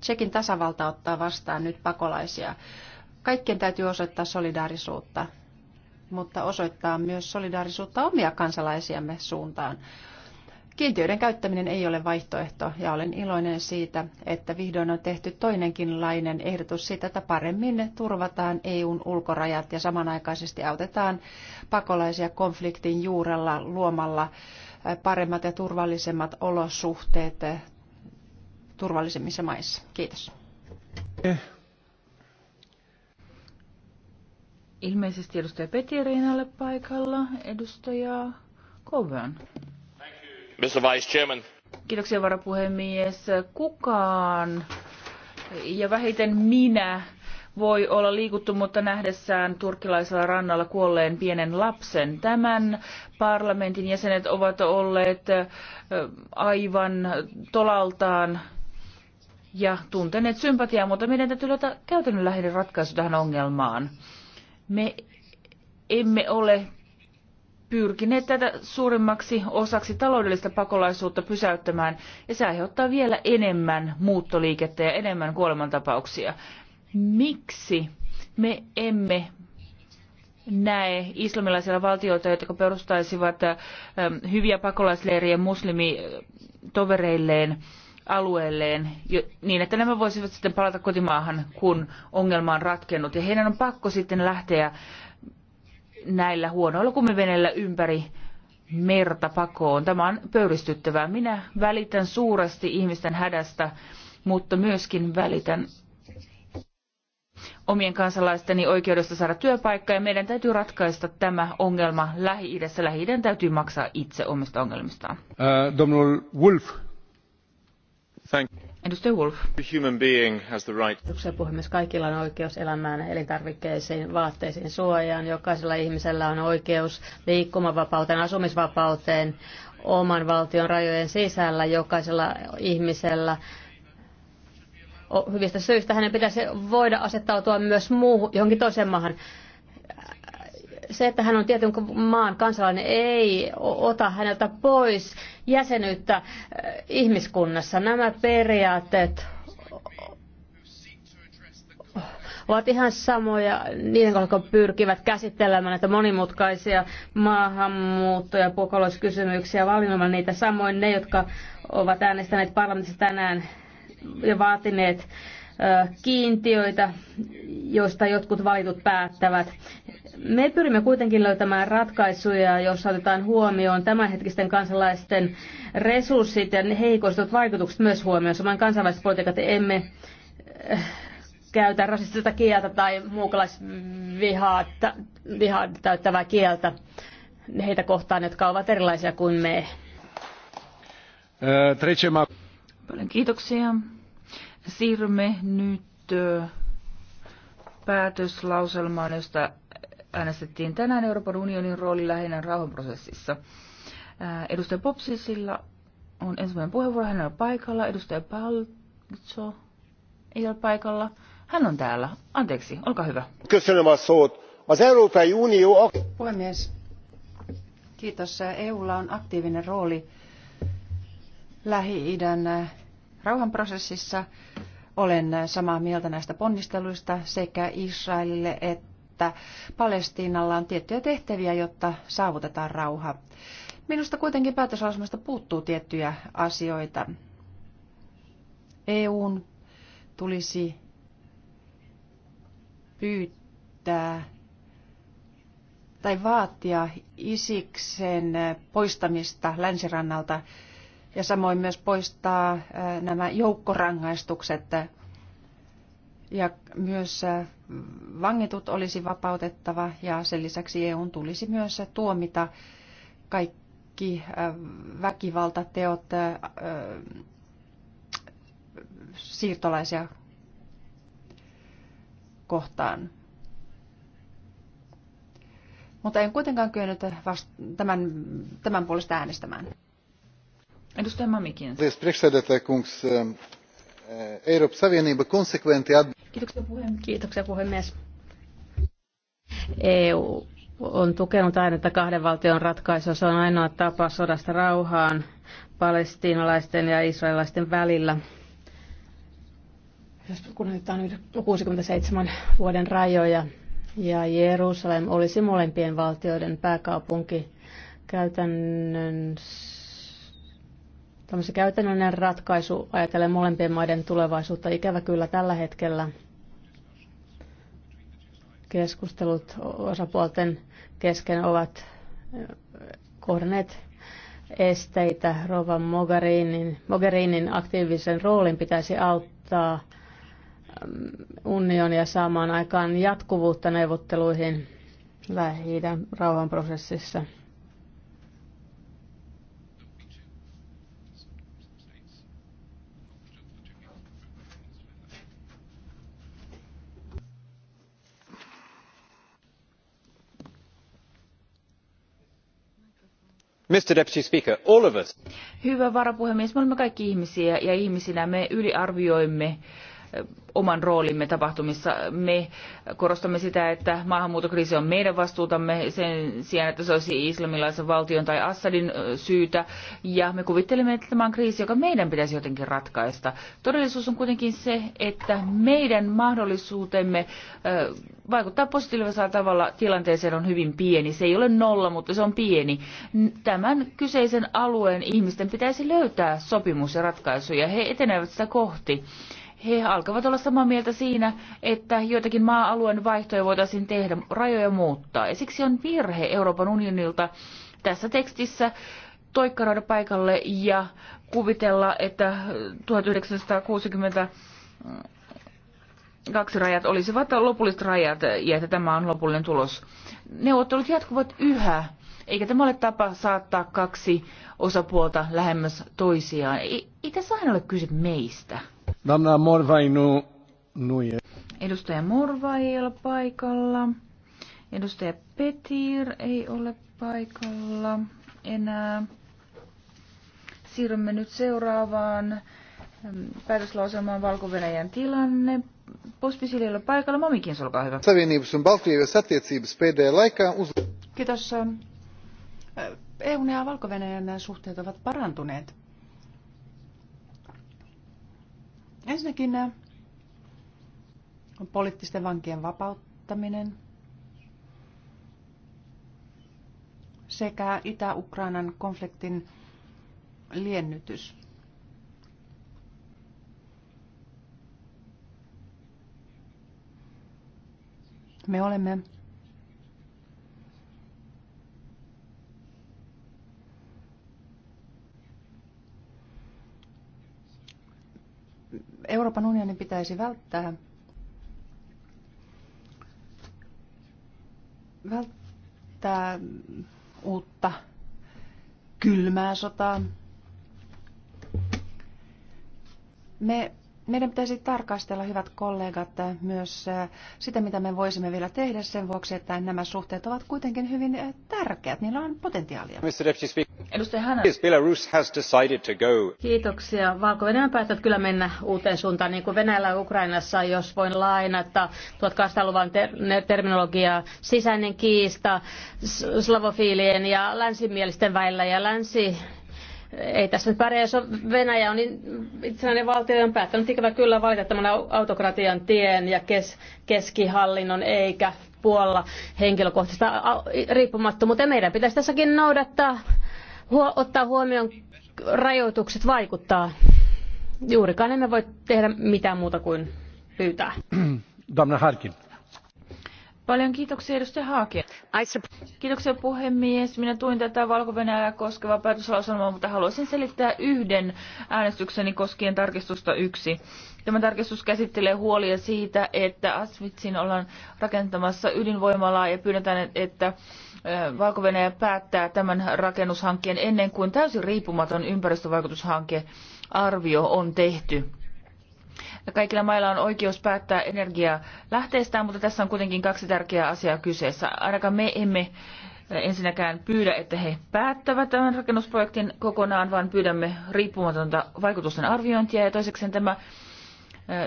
Tsekin tasavalta ottaa vastaan nyt pakolaisia. Kaikkien täytyy osoittaa solidaarisuutta, mutta osoittaa myös solidaarisuutta omia kansalaisiamme suuntaan. Kiintiöiden käyttäminen ei ole vaihtoehto ja olen iloinen siitä, että vihdoin on tehty toinenkinlainen ehdotus siitä, että paremmin turvataan EUn ulkorajat ja samanaikaisesti autetaan pakolaisia konfliktin juurella luomalla paremmat ja turvallisemmat olosuhteet turvallisemmissa maissa. Kiitos. Ilmeisesti edustaja Peti paikalla. Edustaja Kovan. Mr. Vice Chairman. Kiitoksia varapuhemies. Kukaan ja vähiten minä voi olla liikuttumatta nähdessään turkkilaisella rannalla kuolleen pienen lapsen. Tämän parlamentin jäsenet ovat olleet aivan tolaltaan ja tunteneet sympatiaa, mutta meidän täytyy löytää käytännönläheinen ratkaisu tähän ongelmaan. Me emme ole pyrkineet tätä suurimmaksi osaksi taloudellista pakolaisuutta pysäyttämään, ja se aiheuttaa vielä enemmän muuttoliikettä ja enemmän kuolemantapauksia. Miksi me emme näe islamilaisilla valtioita, jotka perustaisivat äh, hyviä pakolaisleirejä muslimitovereilleen alueelleen niin, että nämä voisivat sitten palata kotimaahan, kun ongelma on ratkennut. Ja heidän on pakko sitten lähteä näillä huonoilla kumiveneillä ympäri merta pakoon. Tämä on pöyristyttävää. Minä välitän suuresti ihmisten hädästä, mutta myöskin välitän omien kansalaisteni oikeudesta saada työpaikka ja meidän täytyy ratkaista tämä ongelma Lähi-idässä. lähi täytyy maksaa itse omista ongelmistaan. Uh, äh, Wolf. Thank you. Edustaja Wolf. Human puhemies, kaikilla on oikeus elämään, elintarvikkeisiin, vaatteisiin, suojaan. Jokaisella ihmisellä on oikeus liikkumavapauteen, asumisvapauteen, oman valtion rajojen sisällä. Jokaisella ihmisellä hyvistä syistä hänen pitäisi voida asettautua myös muuhun, johonkin toiseen maahan se, että hän on tietyn maan kansalainen, ei ota häneltä pois jäsenyyttä äh, ihmiskunnassa. Nämä periaatteet ovat ihan samoja niiden, jotka pyrkivät käsittelemään näitä monimutkaisia maahanmuutto- ja pakolaiskysymyksiä valinnoimaan niitä. Samoin ne, jotka ovat äänestäneet parlamentissa tänään ja vaatineet kiintiöitä, joista jotkut valitut päättävät. Me pyrimme kuitenkin löytämään ratkaisuja, joissa otetaan huomioon tämänhetkisten kansalaisten resurssit ja heikoistut vaikutukset myös huomioon. Samoin kansainväliset politiikat emme käytä rasistista kieltä tai muukalaisvihaa vihaa täyttävää kieltä heitä kohtaan, jotka ovat erilaisia kuin me. Paljon kiitoksia. Siirrymme nyt päätöslauselmaan, josta äänestettiin tänään Euroopan unionin rooli lähinnä rauhanprosessissa. Edustaja Popsisilla on ensimmäinen puheenvuoro, hän on paikalla. Edustaja Paltso ei ole paikalla. Hän on täällä. Anteeksi, olkaa hyvä. Puhemies, kiitos. EUlla e on aktiivinen rooli Lähi-idän rauhanprosessissa. Olen samaa mieltä näistä ponnisteluista sekä Israelille että Palestiinalla on tiettyjä tehtäviä, jotta saavutetaan rauha. Minusta kuitenkin päätöslausumasta puuttuu tiettyjä asioita. EUn tulisi pyytää tai vaatia Isiksen poistamista länsirannalta ja samoin myös poistaa äh, nämä joukkorangaistukset ja myös äh, vangitut olisi vapautettava ja sen lisäksi EU tulisi myös tuomita kaikki äh, väkivaltateot siirtolaisia kohtaan. Mutta en kuitenkaan kyennyt tämän, tämän puolesta äänestämään. Edustaja Mamikin. Um, uh, Kiitoksia, puhemies. Kiitoksia puhemies. EU on tukenut ainetta kahden valtion ratkaisua. Se on ainoa tapa sodasta rauhaan palestiinalaisten ja israelilaisten välillä. Jos kunnioitetaan 67 vuoden rajoja ja Jerusalem olisi molempien valtioiden pääkaupunki käytännössä tämmöisen käytännöllinen ratkaisu ajatellen molempien maiden tulevaisuutta. Ikävä kyllä tällä hetkellä keskustelut osapuolten kesken ovat eh, kohdanneet esteitä. Rova Mogherinin, Mogherinin aktiivisen roolin pitäisi auttaa mm, unionia saamaan aikaan jatkuvuutta neuvotteluihin lähi rauhanprosessissa. Mr. Deputy Hyvä varapuhemies, me olemme kaikki ihmisiä ja ihmisinä me yliarvioimme oman roolimme tapahtumissa. Me korostamme sitä, että maahanmuuttokriisi on meidän vastuutamme sen sijaan, että se olisi islamilaisen valtion tai Assadin syytä. Ja me kuvittelemme, että tämä on kriisi, joka meidän pitäisi jotenkin ratkaista. Todellisuus on kuitenkin se, että meidän mahdollisuutemme vaikuttaa positiivisella tavalla tilanteeseen on hyvin pieni. Se ei ole nolla, mutta se on pieni. Tämän kyseisen alueen ihmisten pitäisi löytää sopimus ja ratkaisuja. He etenevät sitä kohti he alkavat olla samaa mieltä siinä, että joitakin maa-alueen vaihtoja voitaisiin tehdä, rajoja muuttaa. Ja siksi on virhe Euroopan unionilta tässä tekstissä toikkaroida paikalle ja kuvitella, että 1962 kaksi rajat olisivat lopulliset rajat ja että tämä on lopullinen tulos. Neuvottelut jatkuvat yhä, eikä tämä ole tapa saattaa kaksi osapuolta lähemmäs toisiaan. Ei, ei tässä aina ole kyse meistä. Damna Morvai nu, nu e. Edustaja Morvai ei ole paikalla. Edustaja Petir ei ole paikalla enää. Siirrymme nyt seuraavaan mm, päätöslauselmaan valko tilanne. Pospisil ei ole paikalla. Momikin, olkaa hyvä. Kiitos. Äh, EUn ja valko suhteet ovat parantuneet. Ensinnäkin on äh, poliittisten vankien vapauttaminen sekä Itä-Ukrainan konfliktin liennytys. Me olemme Euroopan unionin pitäisi välttää, välttää uutta kylmää sotaa. Me, meidän pitäisi tarkastella, hyvät kollegat, myös äh, sitä, mitä me voisimme vielä tehdä sen vuoksi, että nämä suhteet ovat kuitenkin hyvin äh, tärkeät. Niillä on potentiaalia. Edustaja Belarus has decided to go. Kiitoksia. valko on päättänyt kyllä mennä uuteen suuntaan, niin kuin Venäjällä ja Ukrainassa, jos voin lainata 1800 luvan ter- terminologiaa, sisäinen kiista slavofiilien ja länsimielisten välillä ja länsi ei tässä nyt pärjää, jos Venäjä on niin itsenäinen valtio ja on päättänyt ikävä kyllä valita tämän autokratian tien ja kes, keskihallinnon eikä puolla henkilökohtaista riippumattomuutta. Meidän pitäisi tässäkin noudattaa ottaa huomioon rajoitukset vaikuttaa. Juurikaan emme voi tehdä mitään muuta kuin pyytää. Damna Harkin. Paljon kiitoksia edustaja Haakin. Kiitoksia puhemies. Minä tuin tätä valko koskevaa päätöslauselmaa, mutta haluaisin selittää yhden äänestykseni koskien tarkistusta yksi. Tämä tarkistus käsittelee huolia siitä, että Asvitsin ollaan rakentamassa ydinvoimalaa ja pyydetään, että valko päättää tämän rakennushankkeen ennen kuin täysin riippumaton ympäristövaikutushanke arvio on tehty. Kaikilla mailla on oikeus päättää energiaa mutta tässä on kuitenkin kaksi tärkeää asiaa kyseessä. Ainakaan me emme ensinnäkään pyydä, että he päättävät tämän rakennusprojektin kokonaan, vaan pyydämme riippumatonta vaikutusten arviointia. Ja toiseksi tämä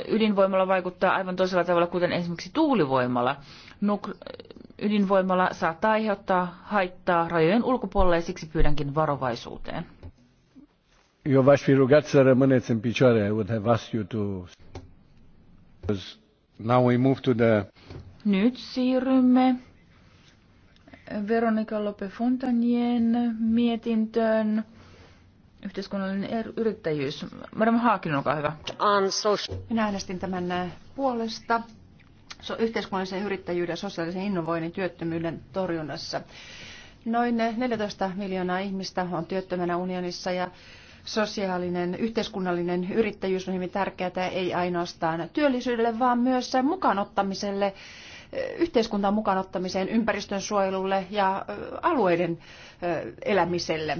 ydinvoimalla vaikuttaa aivan toisella tavalla, kuten esimerkiksi tuulivoimalla ydinvoimalla saattaa aiheuttaa haittaa rajojen ulkopuolelle ja siksi pyydänkin varovaisuuteen. Eu v-aș fi rugat să rămâneți în picioare. Now we move to the... Nyt siirrymme Veronika Lope Fontanien mietintöön. Yhteiskunnallinen er- yrittäjyys. Madame Haakin, olkaa hyvä. Minä äänestin tämän puolesta yhteiskunnallisen yrittäjyyden, sosiaalisen innovoinnin, työttömyyden torjunnassa. Noin 14 miljoonaa ihmistä on työttömänä unionissa ja sosiaalinen, yhteiskunnallinen yrittäjyys on hyvin tärkeää ei ainoastaan työllisyydelle, vaan myös mukaanottamiselle, yhteiskuntaan mukaanottamiseen, ympäristön suojelulle ja alueiden elämiselle.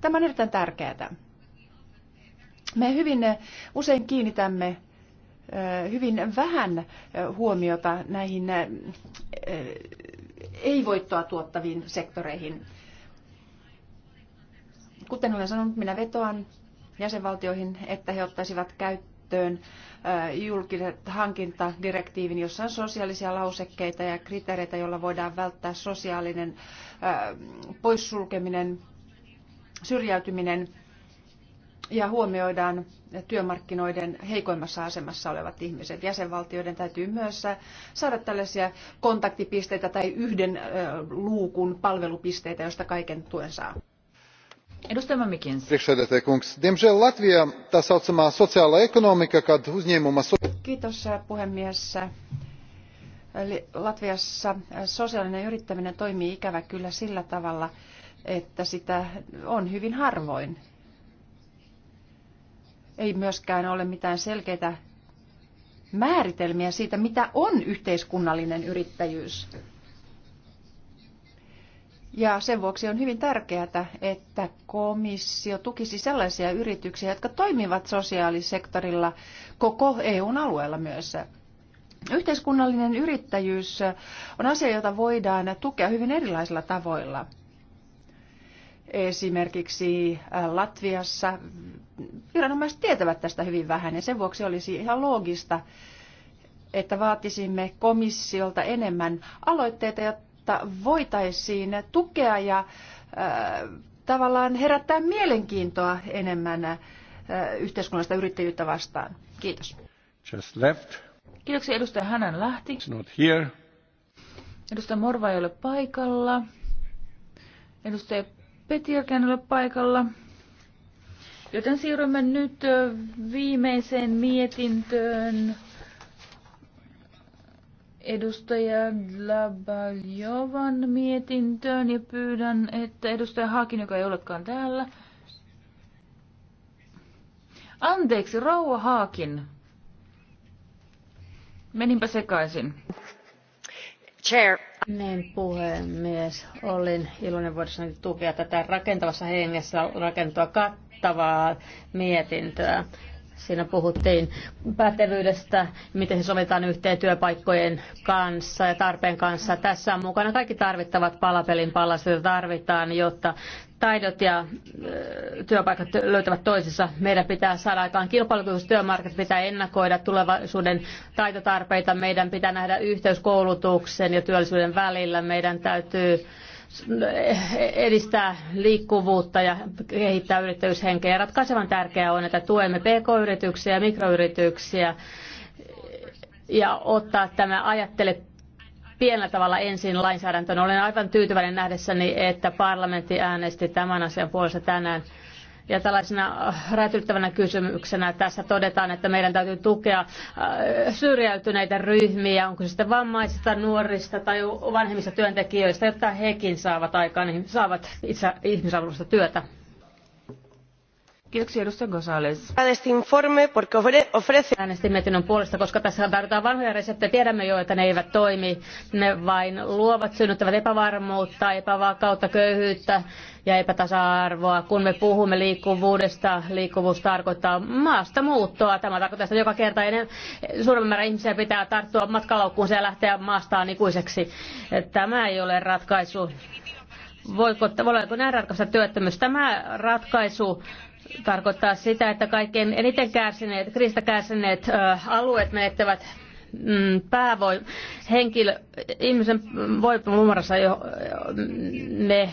Tämä on erittäin tärkeää. Me hyvin usein kiinnitämme hyvin vähän huomiota näihin ei-voittoa tuottaviin sektoreihin. Kuten olen sanonut, minä vetoan jäsenvaltioihin, että he ottaisivat käyttöön julkiset hankintadirektiivin, jossa on sosiaalisia lausekkeita ja kriteereitä, joilla voidaan välttää sosiaalinen poissulkeminen, syrjäytyminen – ja huomioidaan työmarkkinoiden heikoimmassa asemassa olevat ihmiset. Jäsenvaltioiden täytyy myös saada tällaisia kontaktipisteitä tai yhden luukun palvelupisteitä, josta kaiken tuen saa. Edustajamme Mikins. Diemžēl Latvija tā saucamā sociāla ekonomika, kad uzņēmuma... Kiitos puhemies. Eli Latviassa sosiaalinen yrittäminen toimii ikävä kyllä sillä tavalla, että sitä on hyvin harvoin ei myöskään ole mitään selkeitä määritelmiä siitä, mitä on yhteiskunnallinen yrittäjyys. Ja sen vuoksi on hyvin tärkeää, että komissio tukisi sellaisia yrityksiä, jotka toimivat sosiaalisektorilla koko EUn alueella myös. Yhteiskunnallinen yrittäjyys on asia, jota voidaan tukea hyvin erilaisilla tavoilla – Esimerkiksi äh, Latviassa viranomaiset tietävät tästä hyvin vähän ja sen vuoksi olisi ihan loogista, että vaatisimme komissiolta enemmän aloitteita, jotta voitaisiin tukea ja äh, tavallaan herättää mielenkiintoa enemmän äh, yhteiskunnallista yrittäjyyttä vastaan. Kiitos. Just left. Kiitoksia edustaja Hänän lähti. It's not here. Edustaja Morva ei ole paikalla. Edustaja Petirkään ole paikalla. Joten siirrymme nyt viimeiseen mietintöön. Edustaja Labaljovan mietintöön ja pyydän, että edustaja Hakin, joka ei olekaan täällä. Anteeksi, Rouva Haakin. Meninpä sekaisin. Niin, puhemies. Olin iloinen voidessani tukea tätä rakentavassa hengessä rakentua kattavaa mietintöä. Siinä puhuttiin pätevyydestä, miten se sovitaan yhteen työpaikkojen kanssa ja tarpeen kanssa. Tässä on mukana kaikki tarvittavat palapelin palaset, tarvitaan, jotta taidot ja työpaikat löytävät toisensa. Meidän pitää saada aikaan kilpailukykyiset työmarkkinat, pitää ennakoida tulevaisuuden taitotarpeita, meidän pitää nähdä yhteys koulutuksen ja työllisyyden välillä, meidän täytyy eh, edistää liikkuvuutta ja kehittää yrittäjyyshenkeä. Ratkaisevan tärkeää on, että tuemme pk-yrityksiä ja mikroyrityksiä ja ottaa tämä ajattele pienellä tavalla ensin lainsäädäntöön. Olen aivan tyytyväinen nähdessäni, että parlamentti äänesti tämän asian puolesta tänään. Ja tällaisena äh, rätyttävänä kysymyksenä tässä todetaan, että meidän täytyy tukea äh, syrjäytyneitä ryhmiä, onko se sitten vammaisista, nuorista tai vanhemmista työntekijöistä, jotta hekin saavat aikaan, niin saavat itse ihmisarvoista työtä. Kiitoksia edustaja González. Äänestin mietinnön puolesta, koska tässä tarvitaan vanhoja reseptejä. Tiedämme jo, että ne eivät toimi. Ne vain luovat, synnyttävät epävarmuutta, epävakautta, köyhyyttä ja epätasa-arvoa. Kun me puhumme liikkuvuudesta, liikkuvuus tarkoittaa maasta muuttoa. Tämä tarkoittaa sitä joka kerta. Ennen, suuremman määrän ihmisiä pitää tarttua matkalaukkuunsa ja lähteä maastaan ikuiseksi. Tämä ei ole ratkaisu. Voiko, voiko näin ratkaista työttömyys? Tämä ratkaisu tarkoittaa sitä, että kaikkein eniten kärsineet, kriisistä kärsineet alueet menettävät mm, päävoi, henkilö, ihmisen voimavarassa jo me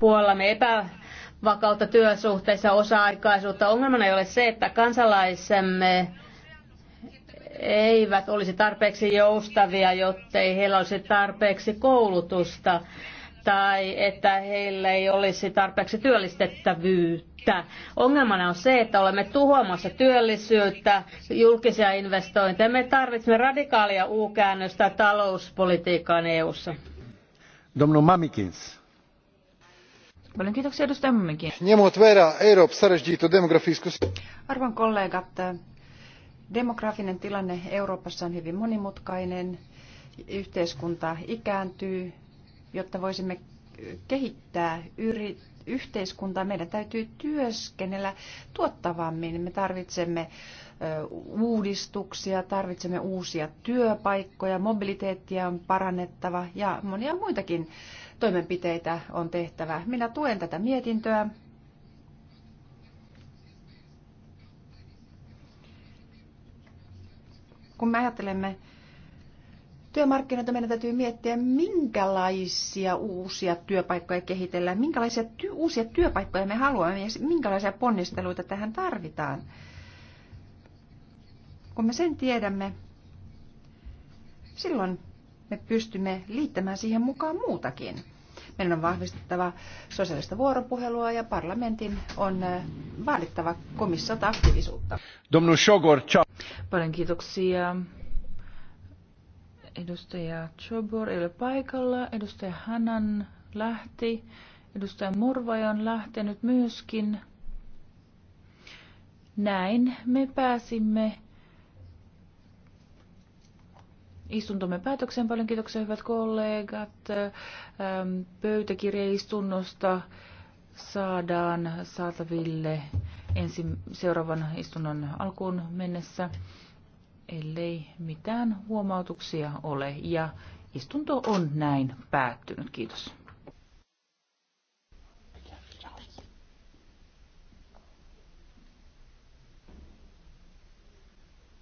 puolellamme epävakautta työsuhteissa, osa-aikaisuutta. Ongelmana ei ole se, että kansalaisemme eivät olisi tarpeeksi joustavia, jottei heillä olisi tarpeeksi koulutusta tai että heillä ei olisi tarpeeksi työllistettävyyttä. Ongelmana on se, että olemme tuhoamassa työllisyyttä, julkisia investointeja. Me tarvitsemme radikaalia uukäännöstä talouspolitiikkaan EU-ssa. Domnul Mamikins. Paljon kiitoksia edustaja Mammikin. Arvon kollegat, demografinen tilanne Euroopassa on hyvin monimutkainen. Yhteiskunta ikääntyy, jotta voisimme kehittää yhteiskuntaa, meidän täytyy työskennellä tuottavammin. Me tarvitsemme uudistuksia, tarvitsemme uusia työpaikkoja, mobiliteettia on parannettava ja monia muitakin toimenpiteitä on tehtävä. Minä tuen tätä mietintöä. Kun me ajattelemme työmarkkinoita meidän täytyy miettiä, minkälaisia uusia työpaikkoja kehitellään, minkälaisia ty- uusia työpaikkoja me haluamme ja minkälaisia ponnisteluita tähän tarvitaan. Kun me sen tiedämme, silloin me pystymme liittämään siihen mukaan muutakin. Meidän on vahvistettava sosiaalista vuoropuhelua ja parlamentin on äh, vaadittava komissiota aktiivisuutta. Domnus Shogor, Paljon kiitoksia. Edustaja Chobor ei ole paikalla. Edustaja Hanan lähti. Edustaja Morvaja on lähtenyt myöskin. Näin me pääsimme istuntomme päätökseen. Paljon kiitoksia hyvät kollegat. Ähm, pöytäkirjeistunnosta saadaan saataville ensi, seuraavan istunnon alkuun mennessä ellei mitään huomautuksia ole. Ja istunto on näin päättynyt. Kiitos.